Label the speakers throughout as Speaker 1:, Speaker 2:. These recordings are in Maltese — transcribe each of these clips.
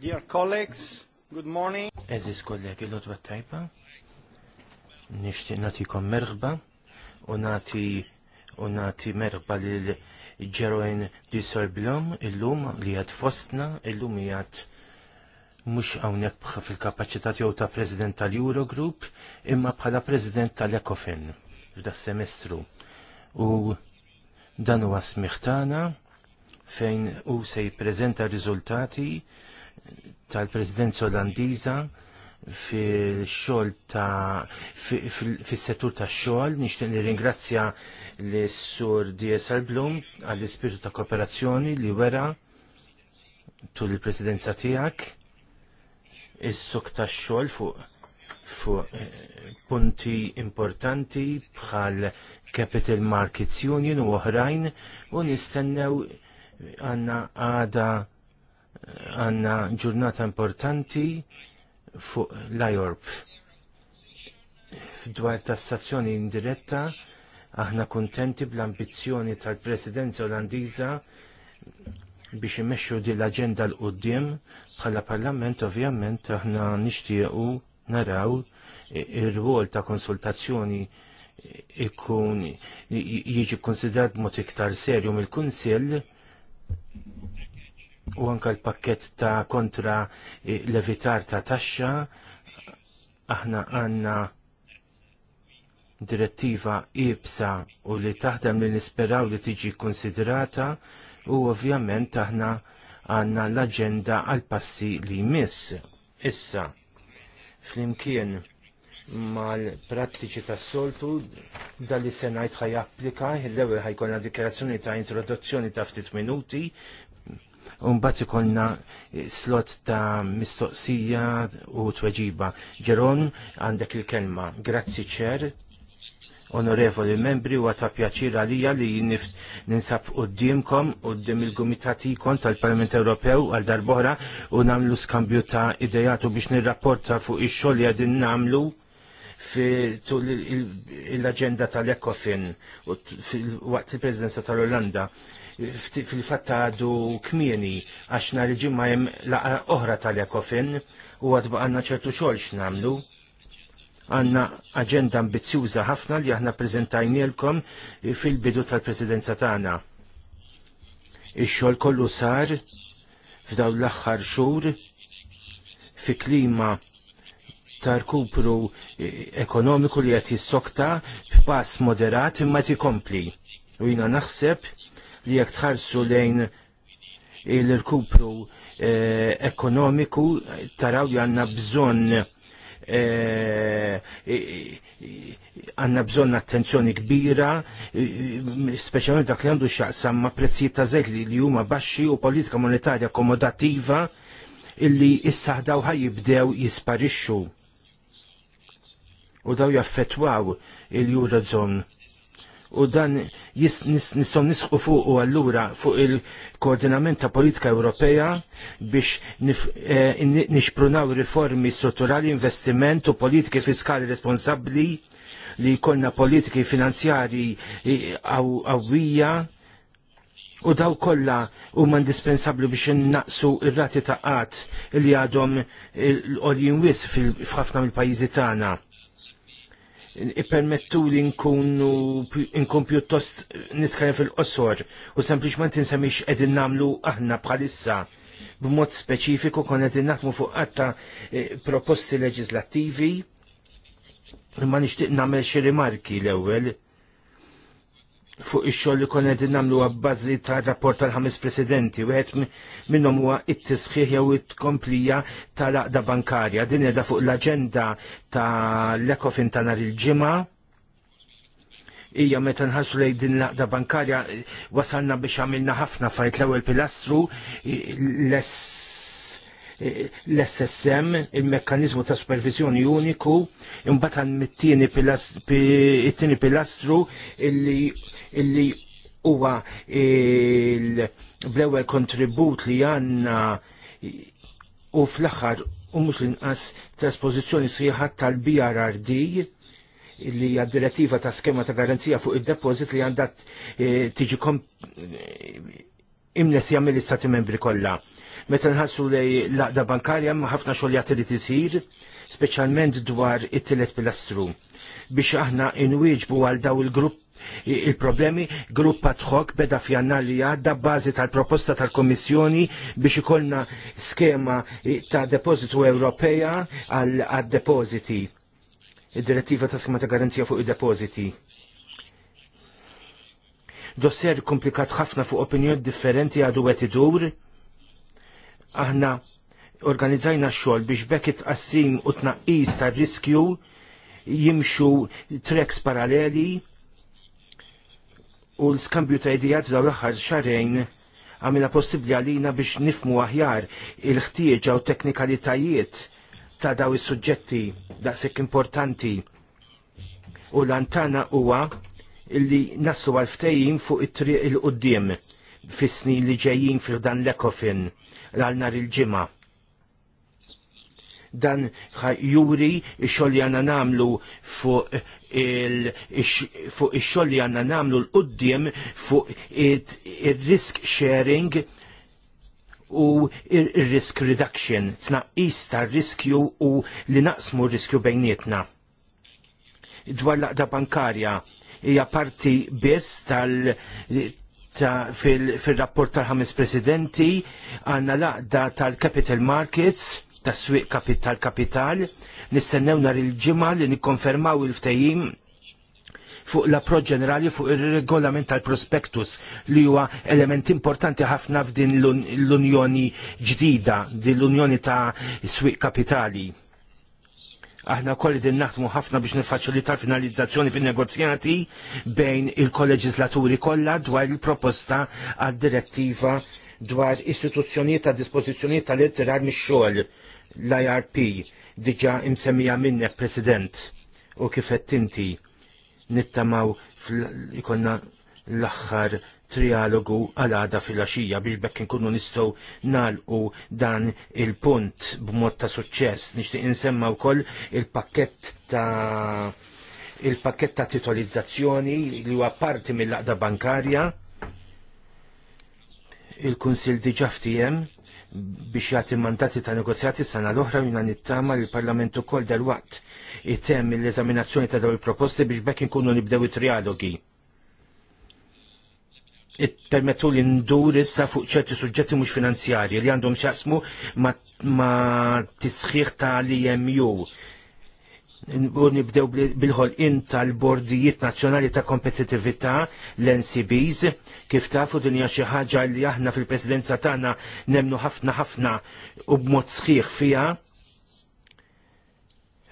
Speaker 1: Dear colleagues, good morning.
Speaker 2: Eżis kollegi l-odwa tajba, nishti natikom merħba, u nati u nati merħba l-ġeroin di Sorblom, illum li għad fostna, illum jgħad mux għawnek fil kapacitat tiegħu ta' President tal-Eurogroup, imma bħala President tal ekofin f'da semestru. U dan huwa smiħtana fejn u se jippreżenta riżultati tal-President Olandiża fil-xol ta' fil-settur ta' xol, nishtin li ringrazzja l-sur DSL Blum għall-ispirtu ta' kooperazzjoni li wera tul il-presidenza tijak, il-suk ta' xol fuq fu punti importanti bħal Capital Markets Union u oħrajn u nistennew għanna għada għanna ġurnata importanti fuq l-ajorb. Fdwar tassazzjoni indiretta, aħna kontenti bl-ambizjoni tal-presidenza olandiza biex imexxu din l-aġenda l qoddim bħala parlament ovvjament aħna nixtiequ naraw ir-rwol ta' konsultazzjoni ikun jiġi konsidrat mod iktar serju mill-Kunsill u anka l-pakket ta' kontra levitar ta' taxxa aħna għanna direttiva ibsa u li taħdem li nisperaw li tiġi konsiderata u ovvjament aħna għanna l-agenda għal passi li jmiss. Issa, flimkien mal-prattiċi tas soltu dal-li senajt ħaj applika, l-ewel ħajkonna dikjerazzjoni ta' introduzzjoni ta' ftit minuti Unbat ikolna slot ta' mistoqsija u tweġiba. Ġeron, għandek il-kelma. Grazzi ċer, onorevoli membri, u għata pjaċir għalija li ninsab u d-dimkom u d-dim il-Gumitatikon tal-Parlament Ewropew għal darbora u namlu skambju ta' idejatu biex nirrapporta fuq ix-xogħol li għadin namlu fi l-agenda tal-Ekofin waqt il-Presidenza tal-Olanda fil-fatt għadu kmieni għax nhar il-ġimgħa hemm laqa oħra tal-Ekofin u għadba għandna ċertu xogħol x'namlu. Għanna aġenda ambizzjuża ħafna li aħna preżentajnielkom fil-bidu tal-Presidenza tagħna. Ix-xogħol kollu sar f'dawn l-aħħar xhur fi klima ta' rkupru ekonomiku li qed jissokta f'pass moderat imma kompli. U jina naħseb li jekk tħarsu lejn il-rkupru eh, ekonomiku taraw li għanna bżon eh, għanna bżon attenzjoni kbira, eh, specialment dak li għandu xaqsam ma' prezzijiet ta' zejt li huma baxxi u politika monetarja komodattiva illi issa ħaj jibdew jisparixxu. U daw jaffetwaw il-Eurozone u dan nistgħu nisqu fuq u allura fuq il-koordinament ta' politika Ewropea biex eh, nixprunaw riformi strutturali, investiment u politiki fiskali responsabbli li jkollna politiki finanzjari għawija eh, u daw kollha huma indispensabbli biex innaqsu il rati ta' qatt li għadhom l-qoljin wis f'ħafna mill-pajjiżi tagħna ippermettu li nkunu nkun pjuttost nitkellem fil-qosor u sempliċement insemmix qegħdin nagħmlu aħna bħalissa b'mod speċifiku kon qegħdin naħdmu fuq qatta eh, proposti leġislattivi imma nixtieq nagħmel xi rimarki l-ewwel fuq ix-xogħol li konna qegħdin nagħmlu bbażi tar-rapport tal-ħames presidenti, wieħed minnhom huwa t-tisħiħ jew it-tkomplija tal-aqda bankarja. Din qiegħda fuq l-aġenda tal-Ekofin ta' nhar il-ġimgħa. Ija meta nħarsu lejn din l-aqda bankarja wasalna biex għamilna ħafna fajt l-ewwel pilastru l-ess l-SSM, il-mekkanizmu ta' supervizjoni uniku, imbatan għan mit-tieni pilastru, pilastru illi huwa il-blewel kontribut li għanna u fl-aħħar u mhux l-inqas traspożizzjoni sħiħa tal-BRRD li hija direttiva ta' skema ta' garanzija fuq id-depożit li għandat eh, tiġi imnesja mill-istati membri kollha. Meta nħassu lej laqda bankarja ma ħafna xogħol jagħti li tisir, speċjalment dwar it-tielet pilastru biex aħna inwieġbu għal daw il-grupp il-problemi grupp ad hoc beda fjannar li għadda bazi tal-proposta tal-Komissjoni biex ikollna skema ta' depozitu Ewropeja għal depoziti id-direttiva ta' skema ta' garanzija fuq id-depoziti. Dosser komplikat ħafna fuq opinjoni differenti għadu għet idur Aħna organizzajna xogħol biex bekit it-qassim u tnaqqis ta' riskju jimxu treks paralleli u l-skambju ta' idijat daw l-aħħar xarejn għamilna possibli għalina biex nifmu aħjar il ħtieġ u teknikalitajiet ta' daw is-suġġetti daqshekk importanti. U l-antana huwa illi naslu għal ftejjin fuq it-triq il qoddim fis-snin li ġejjin fil dan l-ekofin għal nar il-ġimgħa. Dan juri x-xogħol namlu fuq ix-xogħol nagħmlu l qoddim fuq ir-risk sharing u risk reduction, tnaqqis ta' riskju u li naqsmu riskju bejnietna. Dwar laqda bankarja hija parti biss tal fil-rapport tal-ħames presidenti għanna laqda tal-capital markets tas-swieq kapital kapital nistennew nar il-ġimgħa li nikkonfermaw il-ftehim fuq l-approċ ġenerali fuq ir-regolament tal-prospektus li huwa element importanti ħafna f'din l-unjoni ġdida, din l-unjoni ta' swieq kapitali. Aħna kolli din naħtmu ħafna biex nifaċilita l-finalizzazzjoni fin-negozjati bejn il-kolleġislaturi kollha dwar il-proposta għad-direttiva dwar istituzzjonijiet ta' dispożizzjonijiet tal-ittirar mix-xogħol l-IRP diġà imsemmija minnek President u kif qed inti nittamaw ikonna l-aħħar trialogu għal-għada fil-axija biex bekk nkunu nistgħu nalqu dan il-punt b'mod ta' suċċess. Nixtieq insemma wkoll il-pakkett ta' il-pakket ta' titolizzazzjoni li huwa parti mill-laqda bankarja il-Kunsil diġa ftijem biex jagħti mandati ta' negozjati sana l-oħra jina nittama li l-Parlament ukoll dalwaqt item l-eżaminazzjoni ta' dawn il-proposti biex bekk inkunu nibdew it-trialogi permettu li ndur issa fuq ċerti suġġetti mhux finanzjarji li għandhom xaqsmu ma, ma tisħiħ tal-IMU. U nibdew bil-ħolqin tal-bordijiet nazzjonali ta' kompetitività l-NCBs kif tafu dinja xi ħaġa li aħna fil-presidenza tagħna nemnu ħafna ħafna u b'mod sħiħ fiha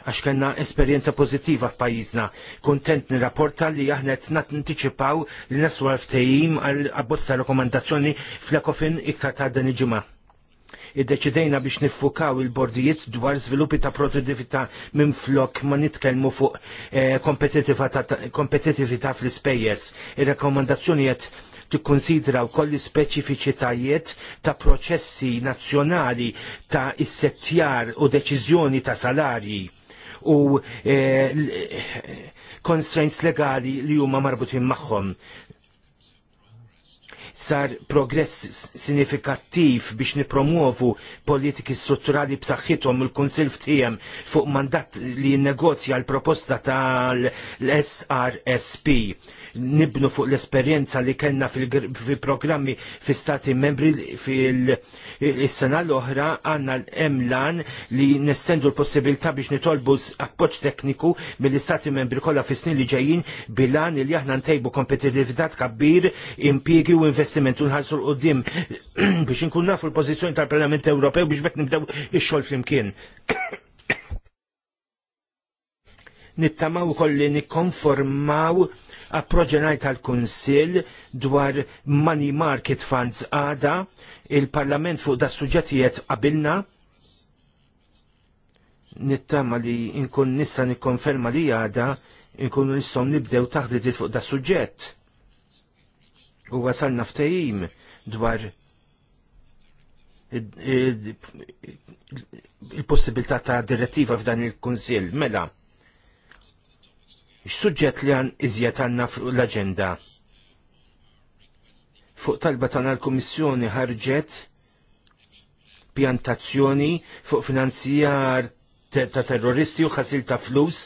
Speaker 2: għax kellna esperjenza pożittiva f'pajjiżna. Kuntent nirrapporta li aħna qed nanticipaw li naslu ftehim għal abbozz ta' rakkomandazzjoni fl-Ekofin iktar ta' dan il-ġimgħa. Iddeċidejna biex niffukaw il-bordijiet dwar żviluppi ta' produttività minn flok ma nitkellmu fuq eh, kompetitività fl-ispejjeż. Ir-rekomandazzjoni tikkonsidra wkoll speċifiċitajiet ta' proċessi nazzjonali ta' issettjar u deċiżjoni ta' salarji u eh, constraints legali li huma marbutin magħhom sar progress sinifikattiv biex nipromuovu politiki strutturali b'saħħithom il kunsilf tiegħem fuq mandat li negozja l-proposta tal-SRSP nibnu fuq l-esperjenza li kellna fil-programmi fi stati membri fil-sena l-oħra għanna l-emlan li nestendu l-possibilità biex nitolbu appoċ tekniku mill-istati membri kollha fi snin li ġejjin bilan li aħna ntejbu kompetitività kabbir, impjiegi u investiment unħarsu l-qoddim biex nkun nafu l-pożizzjoni tal-Parlament Ewropew biex bekk nibdew ix-xogħol flimkien nittamaw kolli nikkonformaw approġenaj tal-Kunsill dwar Money Market Funds għada, il-Parlament fuq da' suġġetijiet qabilna, nittama li nkun nista nikkonferma li għada, nkunu nissom nibdew taħdid fuq da' suġġett. U wasalna ftehim dwar il-possibilità ta' direttiva f'dan il-Kunsill. Mela, x-sujġet li għan iżjed għanna fuq l-agenda. Fuq talba tagħna l-Kummissjoni ħarġet pjantazzjoni fuq finanzijar ta' terroristi u ħasil ta' flus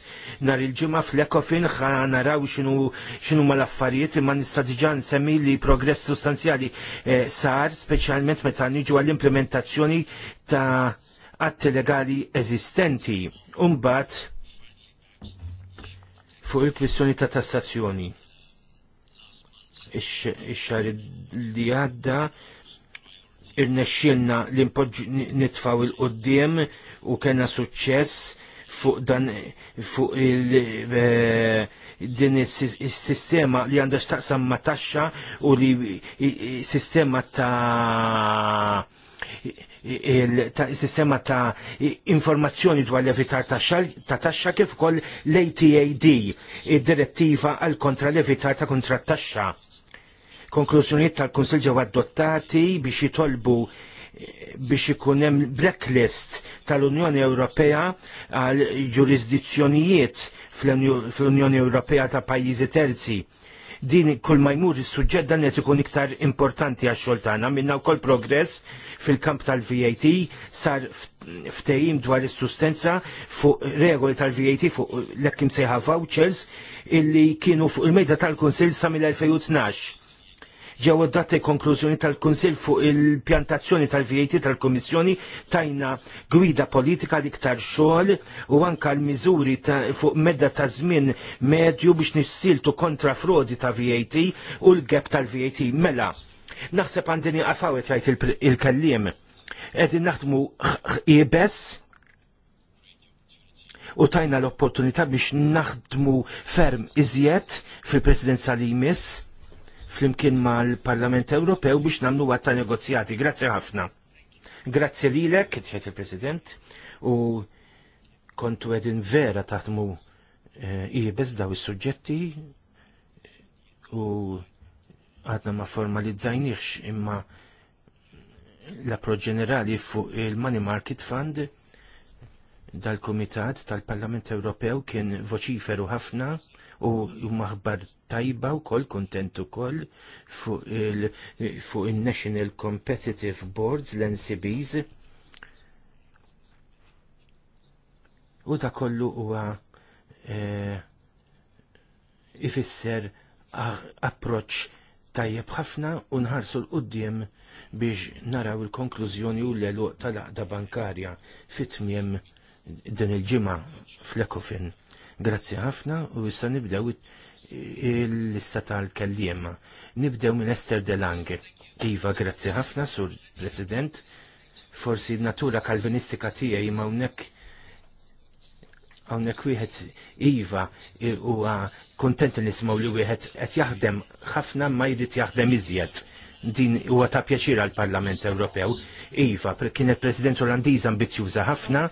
Speaker 2: nar il-ġimgħa fl-Ekofin ħa naraw xinu mal-affarijiet imma nista' diġà nsemmi li progress sustanzjali eh, sar speċjalment meta niġu għall-implementazzjoni ta' atti legali eżistenti. Umbat, fuq il-kwistjoni ta' tassazzjoni. Ix-xar li għadda irnexxielna li nitfaw il qudiem u kena suċċess fuq dan fuq il eh, din is-sistema li għandha x'taqsam ma' taxxa u li sistema ta' il-sistema ta' informazzjoni dwar l-evitar ta' taxxa kif ukoll l-ATAD, id-direttiva għal kontra l-evitar ta' kontra taxxa. Konklużjonijiet tal-Kunsil ġew adottati biex jitolbu biex ikun hemm blacklist tal-Unjoni Ewropea għal ġurisdizzjonijiet fl-Unjoni Ewropea ta' pajjiżi terzi din kull ma jmur is-suġġett dan qed ikun iktar importanti għax-xogħol tagħna. Minna wkoll progress fil-kamp tal-VAT sar ftehim dwar is-sustenza fuq regoli tal-VAT fuq l-ekkim sejħa vouchers illi kienu fuq il-mejda tal-Kunsill sa mill-2012 ġew date konklużjoni tal-Kunsill fuq il-pjantazzjoni tal-VAT tal-Kummissjoni tajna gwida politika li iktar xogħol u anka l-miżuri fuq medda ta' żmien medju biex nissiltu kontra frodi ta' VAT u l-gap tal-VAT mela. Naħseb għandini għafawet jgħid il-kellim. Edin naħdmu ibes u tajna l-opportunità biex naħdmu ferm iżjed fil-presidenza li jmiss flimkien mal-Parlament Ewropew biex namlu għatta negozjati. Grazzi ħafna. Grazzi lilek, kitħet il-President, u kontu edin vera taħdmu eh, iħibes b'daw is-suġġetti u għadna ma formalizzajniex imma l-approċ ġenerali fuq il-Money Market Fund dal-Komitat tal-Parlament Ewropew kien voċiferu ħafna u maħbar tajba u koll kontent u koll fuq il-National il Competitive Boards, l-NCBs. U ta' kollu huwa eh, ifisser approċ tajjeb ħafna u nħarsu l-qoddim biex naraw il-konklużjoni u l-eluq tal-aqda bankarja fit-tmiem din il-ġimgħa fl-Ekofin. Grazzi ħafna u issa nibdew l-lista tal-kellima. Nibdew minn Esther Delange. Iva, grazzi ħafna, sur President. Forsi natura kalvinistika tiegħi ma hawnhekk hawnhekk wieħed iva huwa kontent nismaw li wieħed qed jaħdem ħafna ma jrid jaħdem iżjed din huwa ta' pjaċir għal Parlament Ewropew. Iva, kienet President Olandiż ambizjuża ħafna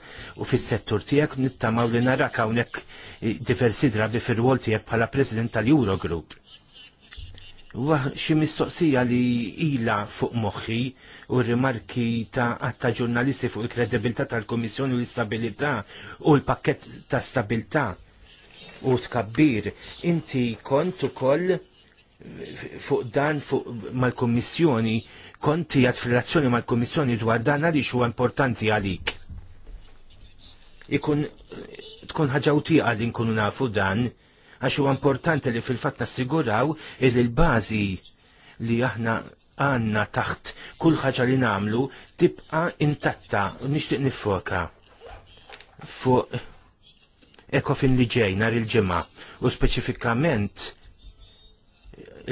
Speaker 2: u fis-settur tiegħek nittamaw li narak hawnhekk eh, diversi drabi fir-rwol tiegħek bħala President tal-Eurogroup. Wa xi mistoqsija li ila fuq moħħi u rimarki ta' għatta ġurnalisti fuq il-kredibilità tal-Komissjoni u l-istabilità u l-pakket ta' stabilità u tkabbir. Inti kont ukoll fuq dan fuq mal-Kommissjoni konti għad fil-razzjoni mal-Kommissjoni dwar dan għaliex huwa importanti għalik. Ikun tkun ħaġa utieqa li nkunu nafu dan għax huwa importanti li fil-fatt nassiguraw li l-bażi li aħna għanna taħt kull ħaġa li namlu tibqa intatta u nixtieq nifoka fuq ekofin li ġej nar il-ġimgħa u speċifikament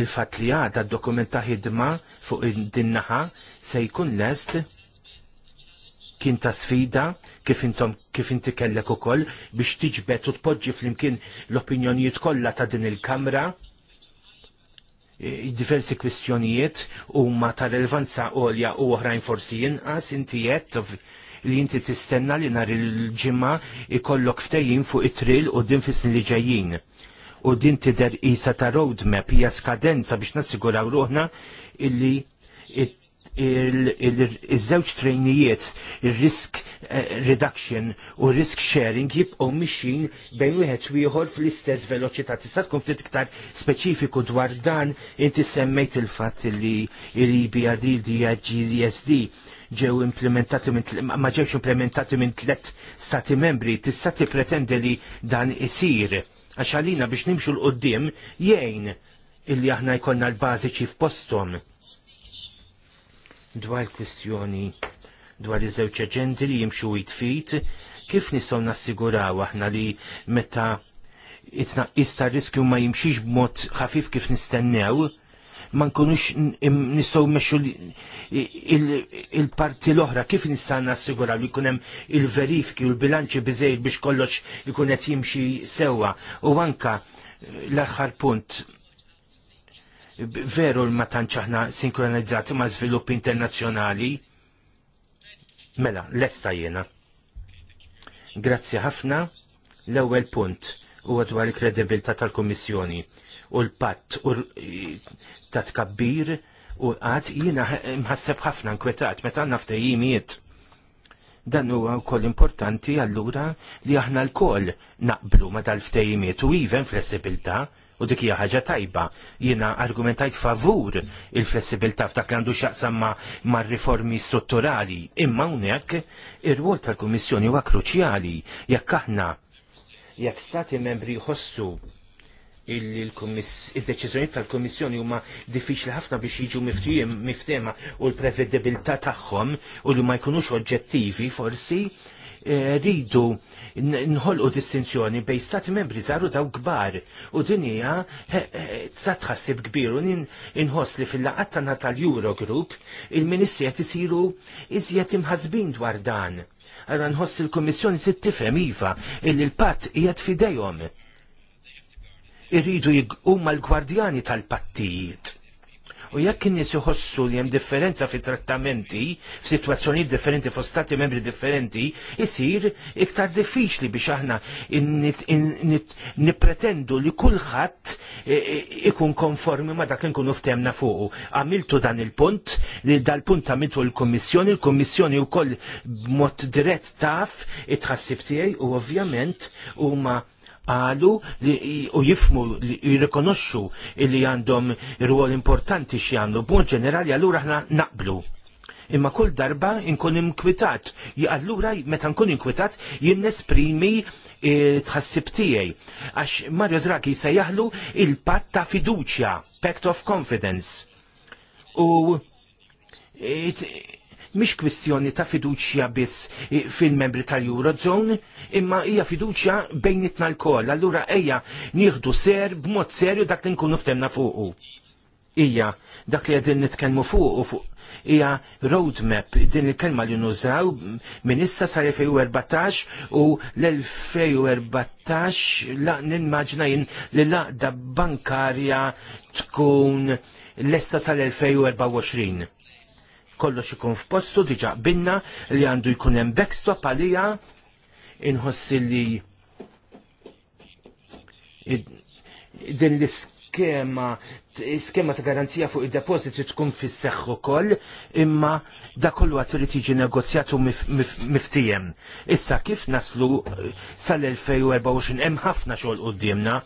Speaker 2: il-fat li għada dokumenta ħidma fuq din-naħa se jkun lest kien ta' sfida kif intom kif inti kellek ukoll biex tiġbed u tpoġġi flimkien l-opinjonijiet kollha ta' din il-kamra diversi kwistjonijiet huma ta' relevanza għolja u oħrajn forsi jinqas inti jett li inti tistenna li nhar il-ġimgħa ikollok ftejjin fuq it-tril u din fis-snin li ġejjin u din tidher isa ta' roadmap hija skadenza biex nassiguraw ruħna illi iż-żewġ trejnijiet ir-risk eh, reduction u risk sharing jibqgħu mixin bejn wieħed u ieħor fl-istess veloċità. Tista' tkun ftit iktar speċifiku dwar dan inti semmejt il-fatt li l-EBRD li ġew implementati minn ma ġewx implementati minn tliet stati membri, tista' tippretendi li dan isir Għax biex nimxu l-qoddim jgħin illi aħna jkollna l-bażiċi postom. Dwar kwistjoni dwar iż-żewġ eġenti li jimxu jitfit, kif nistgħu nassiguraw aħna li meta itnaqqis ta' riskju ma jimxiex b'mod ħafif kif nistennew, ma nkunux nistgħu meċu il-parti l-oħra kif nista' nassigura li jkun hemm il-verifiki u l-bilanċi biżejjed biex kollox ikun qed jimxi sewwa u anka l-aħħar punt veru ma tantx aħna sinkronizzati ma' żvilupp internazzjonali. Mela, l-esta jena. Grazzi ħafna. L-ewwel punt huwa dwar il kredibilta tal-Kummissjoni u l-patt ta' tkabbir u għad jina mħasseb ħafna nkwetat meta għanna jimiet. Dan huwa wkoll importanti allura li aħna l-koll naqblu ma tal ftejimiet u even flessibilta u dik hija ħaġa tajba. Jiena argumentajt favur il-flessibilità f'dak li għandu x'aqsam ma' riformi strutturali, imma hawnhekk ir-rwol tal-Kummissjoni huwa kruċjali jekk aħna jekk stati membri jħossu il-deċiżjoni tal-Komissjoni huma diffiċli ħafna biex jiġu miftijiem miftema u l-prevedibilità tagħhom u li ma jkunux oġġettivi forsi eh, rridu nħolqu distinzjoni bej stati membri żaru daw kbar u din hija sa tħassib kbir u inħoss li fil laqatta tagħna tal-Eurogroup il-Ministri qed isiru iżjed imħasbin dwar dan. Għara nħoss il-Kommissjoni tittifhem iva illi l-patt qiegħed fidejhom irridu huma l-gwardjani tal-pattijiet. U jekk in-nies iħossu li hemm differenza fi trattamenti, f'sitwazzjonijiet differenti fost stati membri differenti, isir iktar diffiċli biex aħna nippretendu li kulħadd e, e, ikun konformi ma dak li nkunu ftemna fuqu. Għamiltu dan il-punt, li dal-punt għamiltu l-Kommissjoni, l-Kommissjoni wkoll b'mod dirett taf it tħassib tiegħi u ovvjament huma għalu u jifmu li jirrikonoxxu li għandhom rwol importanti għandu b'mod ġenerali allura aħna naqblu. Imma kull darba inkun inkwitat, allura meta nkun inkwitat jien nesprimi e, tħassib tiegħi. Għax Mario Draghi se jaħlu il-patt ta' fiduċja, pact of confidence. U mhix kwistjoni ta' fiduċja biss eh, fil-membri tal-Eurozone, imma hija fiduċja bejn itna l-koll. Allura ejja nieħdu ser b'mod serju dak li nkunu ftemna fuqu. Ija, dak li għedin nitkellmu fuq u fuq hija roadmap din il-kelma li nużaw minn issa sa 2014 u l-2014 la nimmaġna jien li laqda bankarja tkun l-esta sal-2024 kollox ikun f'postu diġa binna li għandu jkun hemm backstop għalija inħossi li din l-iskema skema ta' garanzija fuq id depositi tkun fis-seħħ ukoll, imma da kollu għad irid jiġi negozjatu miftijem. Issa kif naslu eh, sal-2024 hemm ħafna xogħol qudiemna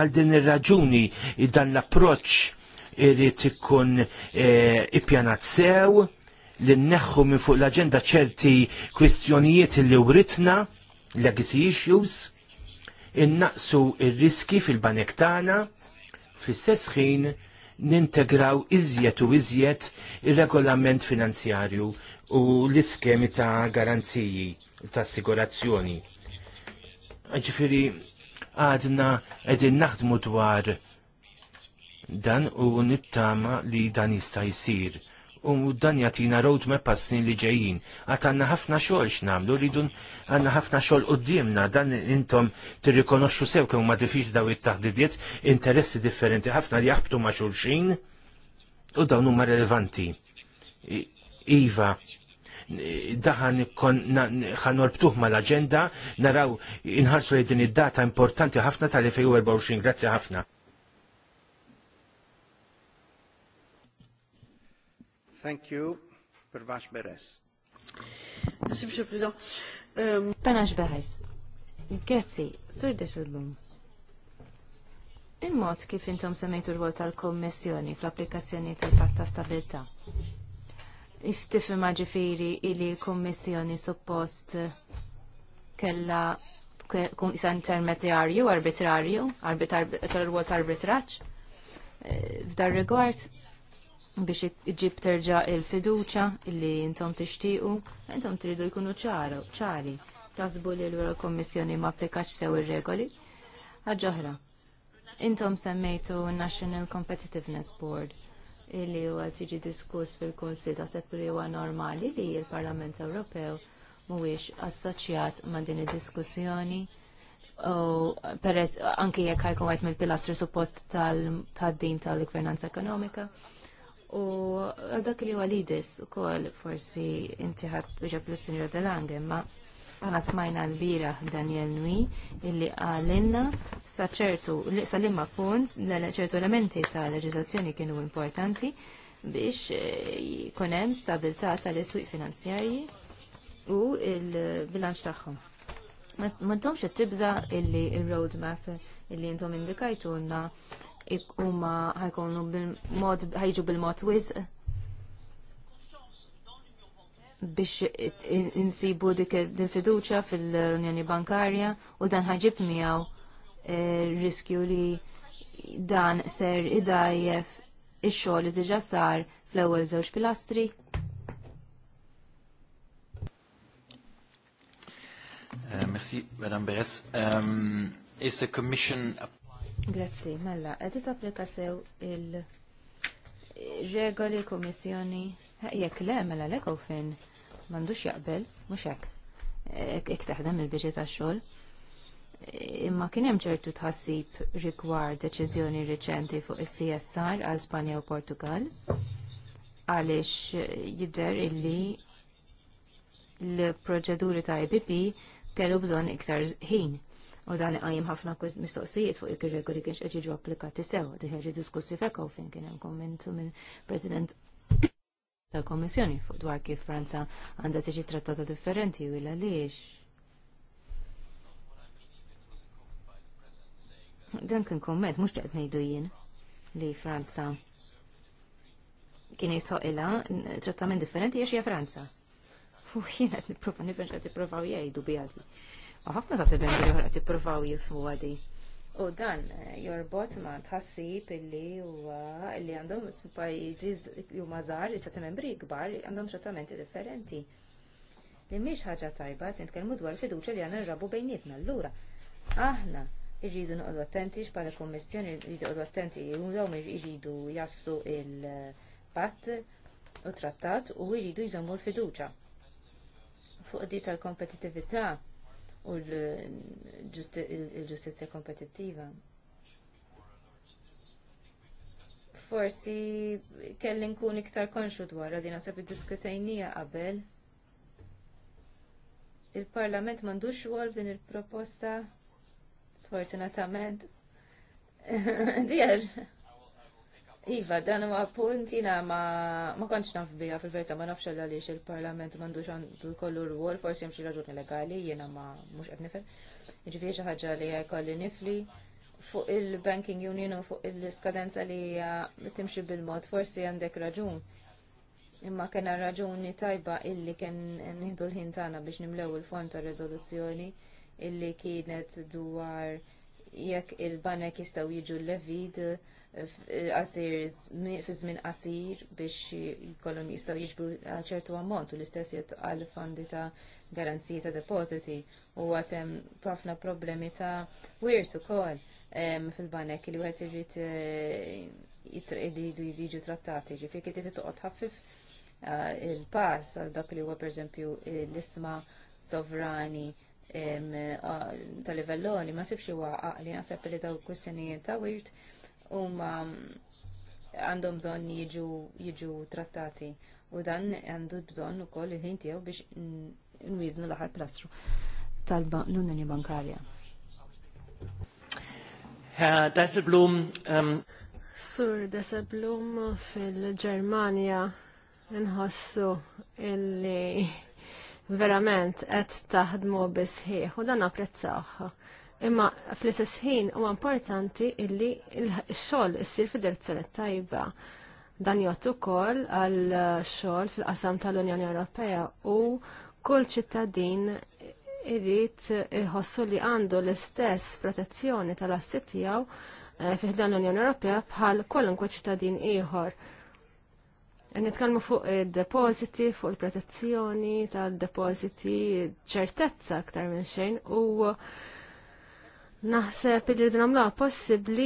Speaker 2: għal din ir-raġuni dan l-approċċ irrid ikun eh, ippjanat sew li nneħħu minn fuq l-aġenda ċerti kwistjonijiet li writna legacy issues innaqsu il riski fil-banek tagħna fl-istess ħin nintegraw iżjed u iżjed ir-regolament finanzjarju u l-iskemi ta' garanziji ta' assigurazzjoni. Ġifiri, għadna għedin naħdmu dwar dan u nittama li dan jista' jsir. U dan jatina roadmap me snin li ġejjin. Għat għanna ħafna xogħol x'namlu, rridu għanna ħafna xogħol qudiemna dan intom tirrikonoxxu sew kemm ma diffiċ daw it-taħdidiet interessi differenti ħafna li jaħbtu ma' xulxin u dawn huma relevanti. Iva, daħan ħanorbtuħ ma l-agenda, naraw inħarsu li din id-data importanti ħafna tal-2024. Grazzi ħafna. Thank you. Pervash Beres.
Speaker 3: Merci, Monsieur le Président. Euh,
Speaker 1: Beres. Grazzi, sur de Il-mod kif intom semmejtu l-wol tal-Kommissjoni fl-applikazzjoni tal-Patt ta' Stabilità. Iftifima ġifiri li l-Kommissjoni suppost kella kun isa intermedjarju, arbitrarju, arbitrar tal arbitraċ. Eh, F'dar rigward, biex iġib terġa il-fiduċa illi intom tixtiqu, intom tridu jkunu ċari. Tasbu li l għura kommissjoni ma applikax sew ir-regoli. Ħaġoħra, intom semmejtu National Competitiveness Board illi huwa tiġi diskuss fil-Kunsil ta' li huwa normali li l-Parlament Ewropew mhuwiex assoċjat ma' din id-diskussjoni u peress anke jekk ħajkun għajt mill-pilastri suppost tal-din tal-gvernanza ekonomika. U għal dak li għalidis u kol forsi inti ħat bieġa plus-sinjor tal ma Għana smajna l-bira Daniel Nui illi għalinna saċertu li salimma punt ċertu elementi ta' leġizazzjoni kienu importanti biex eh, konem stabilta tal istwik finanzjarji u il-bilanċ tagħhom. Ma domx tibza illi il-roadmap illi intom indikajtu huma ħajkunu bil-mod ħajġu bil-mod wisq biex insibu dik il-fiduċa fil-Unjoni Bankarja u dan ħagġib miegħu e, riskju li dan ser idajjef ix-xogħol li diġà sar fl-ewwel żewġ pilastri.
Speaker 2: Eh, merci, Madame Beres. Um, is the Commission
Speaker 3: Grazzi, mella,
Speaker 1: għedit applika sew il-regoli komissjoni, jek le, mela le fin, mandux jaqbel, mux hekk, ek taħdem il-bieġi ta' xol. Imma kien hemm ċertu tħassib rigward deċiżjoni riċenti fuq is-CSR għal Spanja u Portugal għaliex jidher illi l-proċeduri ta' IBP kellu bżonn iktar ħin u dan għajim ħafna mistoqsijiet fuq il-regoli kienx qed applikati sew, diħeġi diskussi fekk u kien hemm komment minn President tal komissjoni fuq dwar kif Franza għandha tiġi trattata differenti u għaliex. Dan kien komment mhux qed ngħidu jien li Franza kien illa trattament differenti jiex hija Franza. U jien qed nipprova nifhem x'qed u jgħidu biħalli ħafna ta' t bendi li t-provaw jifmu għadi. U dan eh, jorbot ma tħassib illi huwa li għandhom pajjiżi huma żgħar issa t membri li għandhom trattamenti differenti. Li mhix ħaġa tajba t-nitkelmu dwar fiduċja li għandna nrabu bejnietna allura. Aħna irridu noqogħdu attenti x'bħala kommissjoni irridu noqogħdu attenti dawm iġidu jassu il-patt u trattat u jridu jżommu l-fiduċja. Fuq di tal-kompetitività u l-ġustizja kompetittiva. Forsi kelli nkun iktar konxu dwar din għasab id-diskutajnija qabel. Il-parlament mandux għol din il-proposta sfortunatament. Iva, dan huwa punt jina ma, ma kontx naf biha fil-verità ma nafx għaliex il-Parlament m'għandux għandu kollu rwol, forsi hemm xi raġuni legali, jiena ma mhux qed nifhem. Jiġifieri xi ħaġa li jkolli nifli fuq il-Banking Union u fuq il-skadenza li timxi bil-mod, forsi għandek raġun. Imma kena raġuni tajba illi kien nieħdu l-ħin tagħna biex nimlew il-fond ta' riżoluzzjoni illi kienet dwar jekk il-banek jistgħu jiġu levid qasir fi żmien qasir biex jkollhom jistgħu għal ċertu ammont u l-istess għal fondi ta' garanzija ta' depositi u għad hemm ħafna problemi ta' wirt ukoll fil-banek li wieħed irid eh, jiġu trattati ġifier kif toqgħod ħaffif eh, il-pass għal dak li huwa perżempju l-isma sovrani eh, tal-livelloni ma sibx huwa għaqli naħseb li daw kwistjonijiet ta' wirt huma mm, għandhom bżonn jiġu jiġu trattati u dan għandu bżonn ukoll il-ħin tiegħu biex nwiżnu l-aħħar plastru tal-Unjoni Bankarja.
Speaker 2: Herr Dijsselbloem, um...
Speaker 3: Sur Deseblum fil-Germania nħossu illi verament qed taħdmu bisħieħ u dan apprezzawh. Imma fl-istess ħin huwa importanti illi x-xogħol issir f'direzzjoni tajba. Dan jgħattu ukoll għal xogħol fil-qasam tal-Unjoni Ewropea u kull ċittadin irrit iħossu li għandu l-istess protezzjoni tal-assi tiegħu eh, fiħdan l-Unjoni Ewropea bħal kwalunkwe ċittadin ieħor. Nitkellmu fuq id-depożiti, fuq il-protezzjoni tad-depożiti, ċertezza aktar minn xejn u Naħseb li rridu nagħmluha possibbli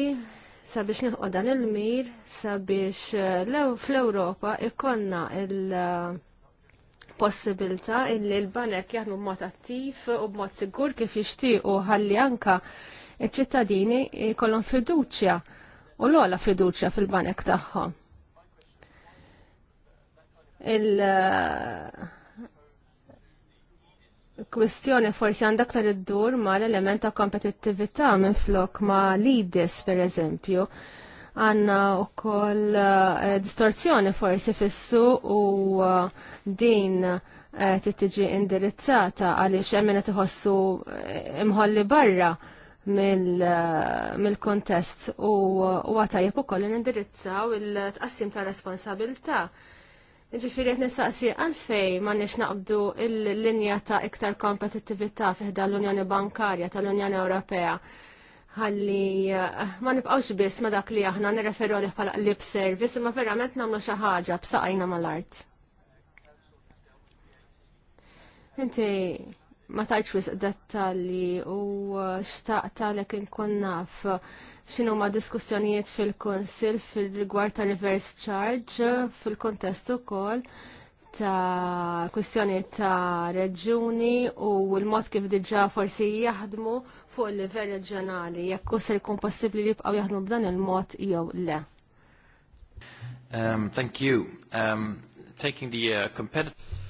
Speaker 3: sabiex nieħu dan il-mir sabiex eh, fl-Ewropa ikonna il- possibilità illi l-banek jaħdmu b'mod attiv u b'mod sigur kif jixtiequ ħalli anka iċ-ċittadini jkollhom fiduċja u l ogħla fiduċja fil-banek tagħhom. Il- kwestjoni forsi għandak tar iddur ma l-element ta' kompetittività minn flok ma l-IDIS per eżempju. Għanna u koll eh, distorzjoni forsi fissu u eh, din eh, tiġi indirizzata għaliex emmina tħossu imħolli barra mill-kontest u għata u koll indirizzaw il-tqassim ta' responsabilta' Ġifiri għet nistaqsi għalfej ma nix naqbdu il-linja ta' iktar kompetittivita fiħda l-Unjoni Bankarja tal-Unjoni Ewropea Għalli eh, ma nibqawx biss ma dak li aħna nirreferu li bħala lip service ma verament namlu xi ħaġa b'saqajna mal-art. Inti ma tajċ wisq dettalji u eh, xtaqta li ek naf xinu ma diskussjonijiet fil-konsil fil-rigward ta' reverse charge fil-kontestu kol ta' kwestjoni ta' reġuni u l-mod kif diġa forsi jaħdmu fuq il-livell reġjonali jekk se jkun possibbli li jibqgħu jaħdmu b'dan il-mod jew le.
Speaker 2: Um, thank you. Um, taking the uh,
Speaker 3: competitive.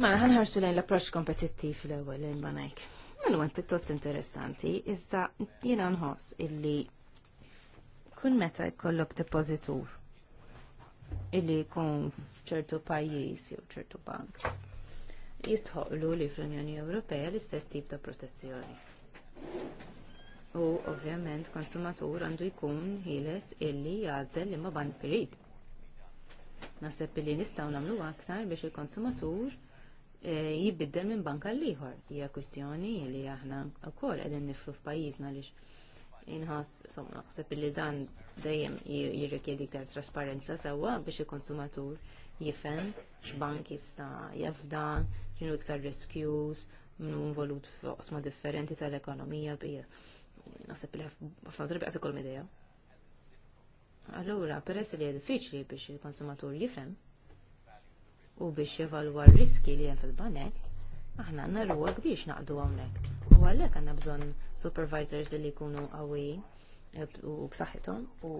Speaker 1: Mela ħanħarsu lejn l-approċċ kompetittiv l-ewwel lejn banek. Dan huwa pjuttost interessanti iżda jiena nħoss illi kun meta jkollok depozitur illi jkun f'ċertu pajjiż jew ċertu bank. Jistħoqlu li fl-Unjoni Ewropea l-istess tip ta' protezzjoni. U ovvjament konsumatur għandu jkun ħiles illi jgħadżel li ma bank irid. Naseb li nistgħu nagħmlu aktar biex il-konsumatur eh, jibiddel minn banka l-ieħor. Hija kwistjoni li aħna wkoll qegħdin nifru f'pajjiżna lix inħas somma naħseb li dan dejjem jirrikjedi iktar trasparenza sewwa biex il-konsumatur jifhem x'bank jista' jafda, x'inhu iktar riskjus, minnu involut f'oqsma differenti tal-ekonomija bi Naħseb li ħafna drabi qed ikollhom idea. Allura, peress li hija diffiċli biex il-konsumatur jifhem u biex jevalwa r-riski li hemm fil-banek, aħna għandna rwol kbir naqdu hawnhekk. U għalhekk għandna bżonn supervisors li jkunu qawwi eh, u b'saħħithom u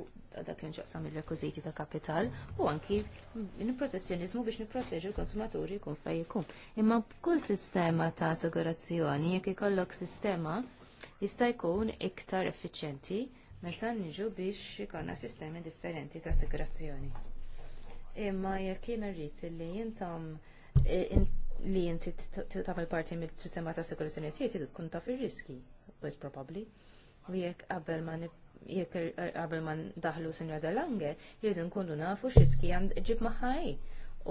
Speaker 1: dak li xaqsam il-rekwiżiti ta' kapital u anki n protezzjonizmu biex nipproteġu l-konsumaturi jkun fejn jkun. Imma kull sistema ta' assigurazzjoni jekk ikollok sistema jista' jkun iktar effiċjenti meta niġu biex ikollna sistemi differenti ta' assigurazzjoni. Imma jekk jien rrid li jintom eh, li inti tagħmel parti mill-sistema ta' sikurazzjoni tiegħi trid tkun taf ir-riski, wis probabbli. U jekk qabel ma jekk er, er, qabel ma daħlu sinja dal-ange, jridu nkunu nafu x-riski għand ġib maħħaj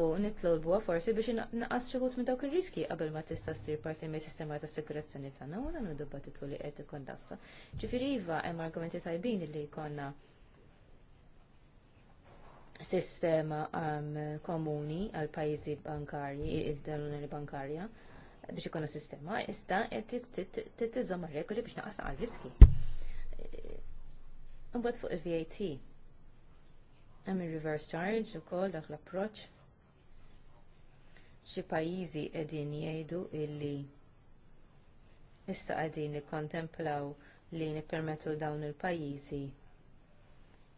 Speaker 1: u nitlobu forsi biex naqas xi minn dawk ir-riski qabel ma tista' ssir parti mill sistema ta' sikurazzjoni tagħna u nagħmlu dibattitu li qed ikon dassa. Ġifieri iva hemm argumenti tajbin li jkollna sistema um, komuni għal pajjiżi bankarji, il-danunani bankarja, biex ikona sistema, issa titizzom regoli biex naqas għal riski. Mbagħad fuq il-VAT. Hemm il-reverse charge ukoll dak l-approċċ. Xi pajjiżi qegħdin jgħidu illi issa qegħdin nikkontemplaw li nippermettu dawn il-pajjiżi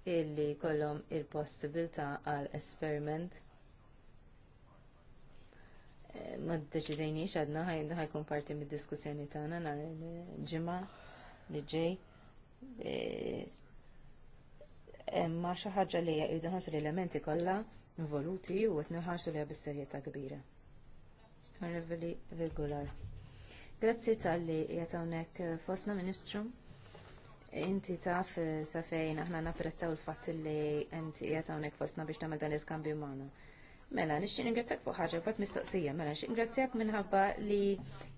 Speaker 1: illi jkollhom il-possibilità għal esperiment eh, ma d-deċidejniex għadna ħajkun parti mid-diskussjoni tagħna nhar il-ġimgħa li ġej. Imma eh, xi ħaġa li hija jridu l-elementi kollha involuti u qed nħarsu liha bis-serjetà kbira. Onorevoli Virgolar. Grazzi tal-li jgħatawnek fosna Ministru. Inti taf eh, safejn aħna napprezzaw il-fatt li inti qiegħed hawnhekk fostna biex tagħmel dan iskambju magħna. Mela, nixtieq ningrazzjak fuq ħaġa bad mistoqsija, mela nixtieq ningrazzjak minħabba li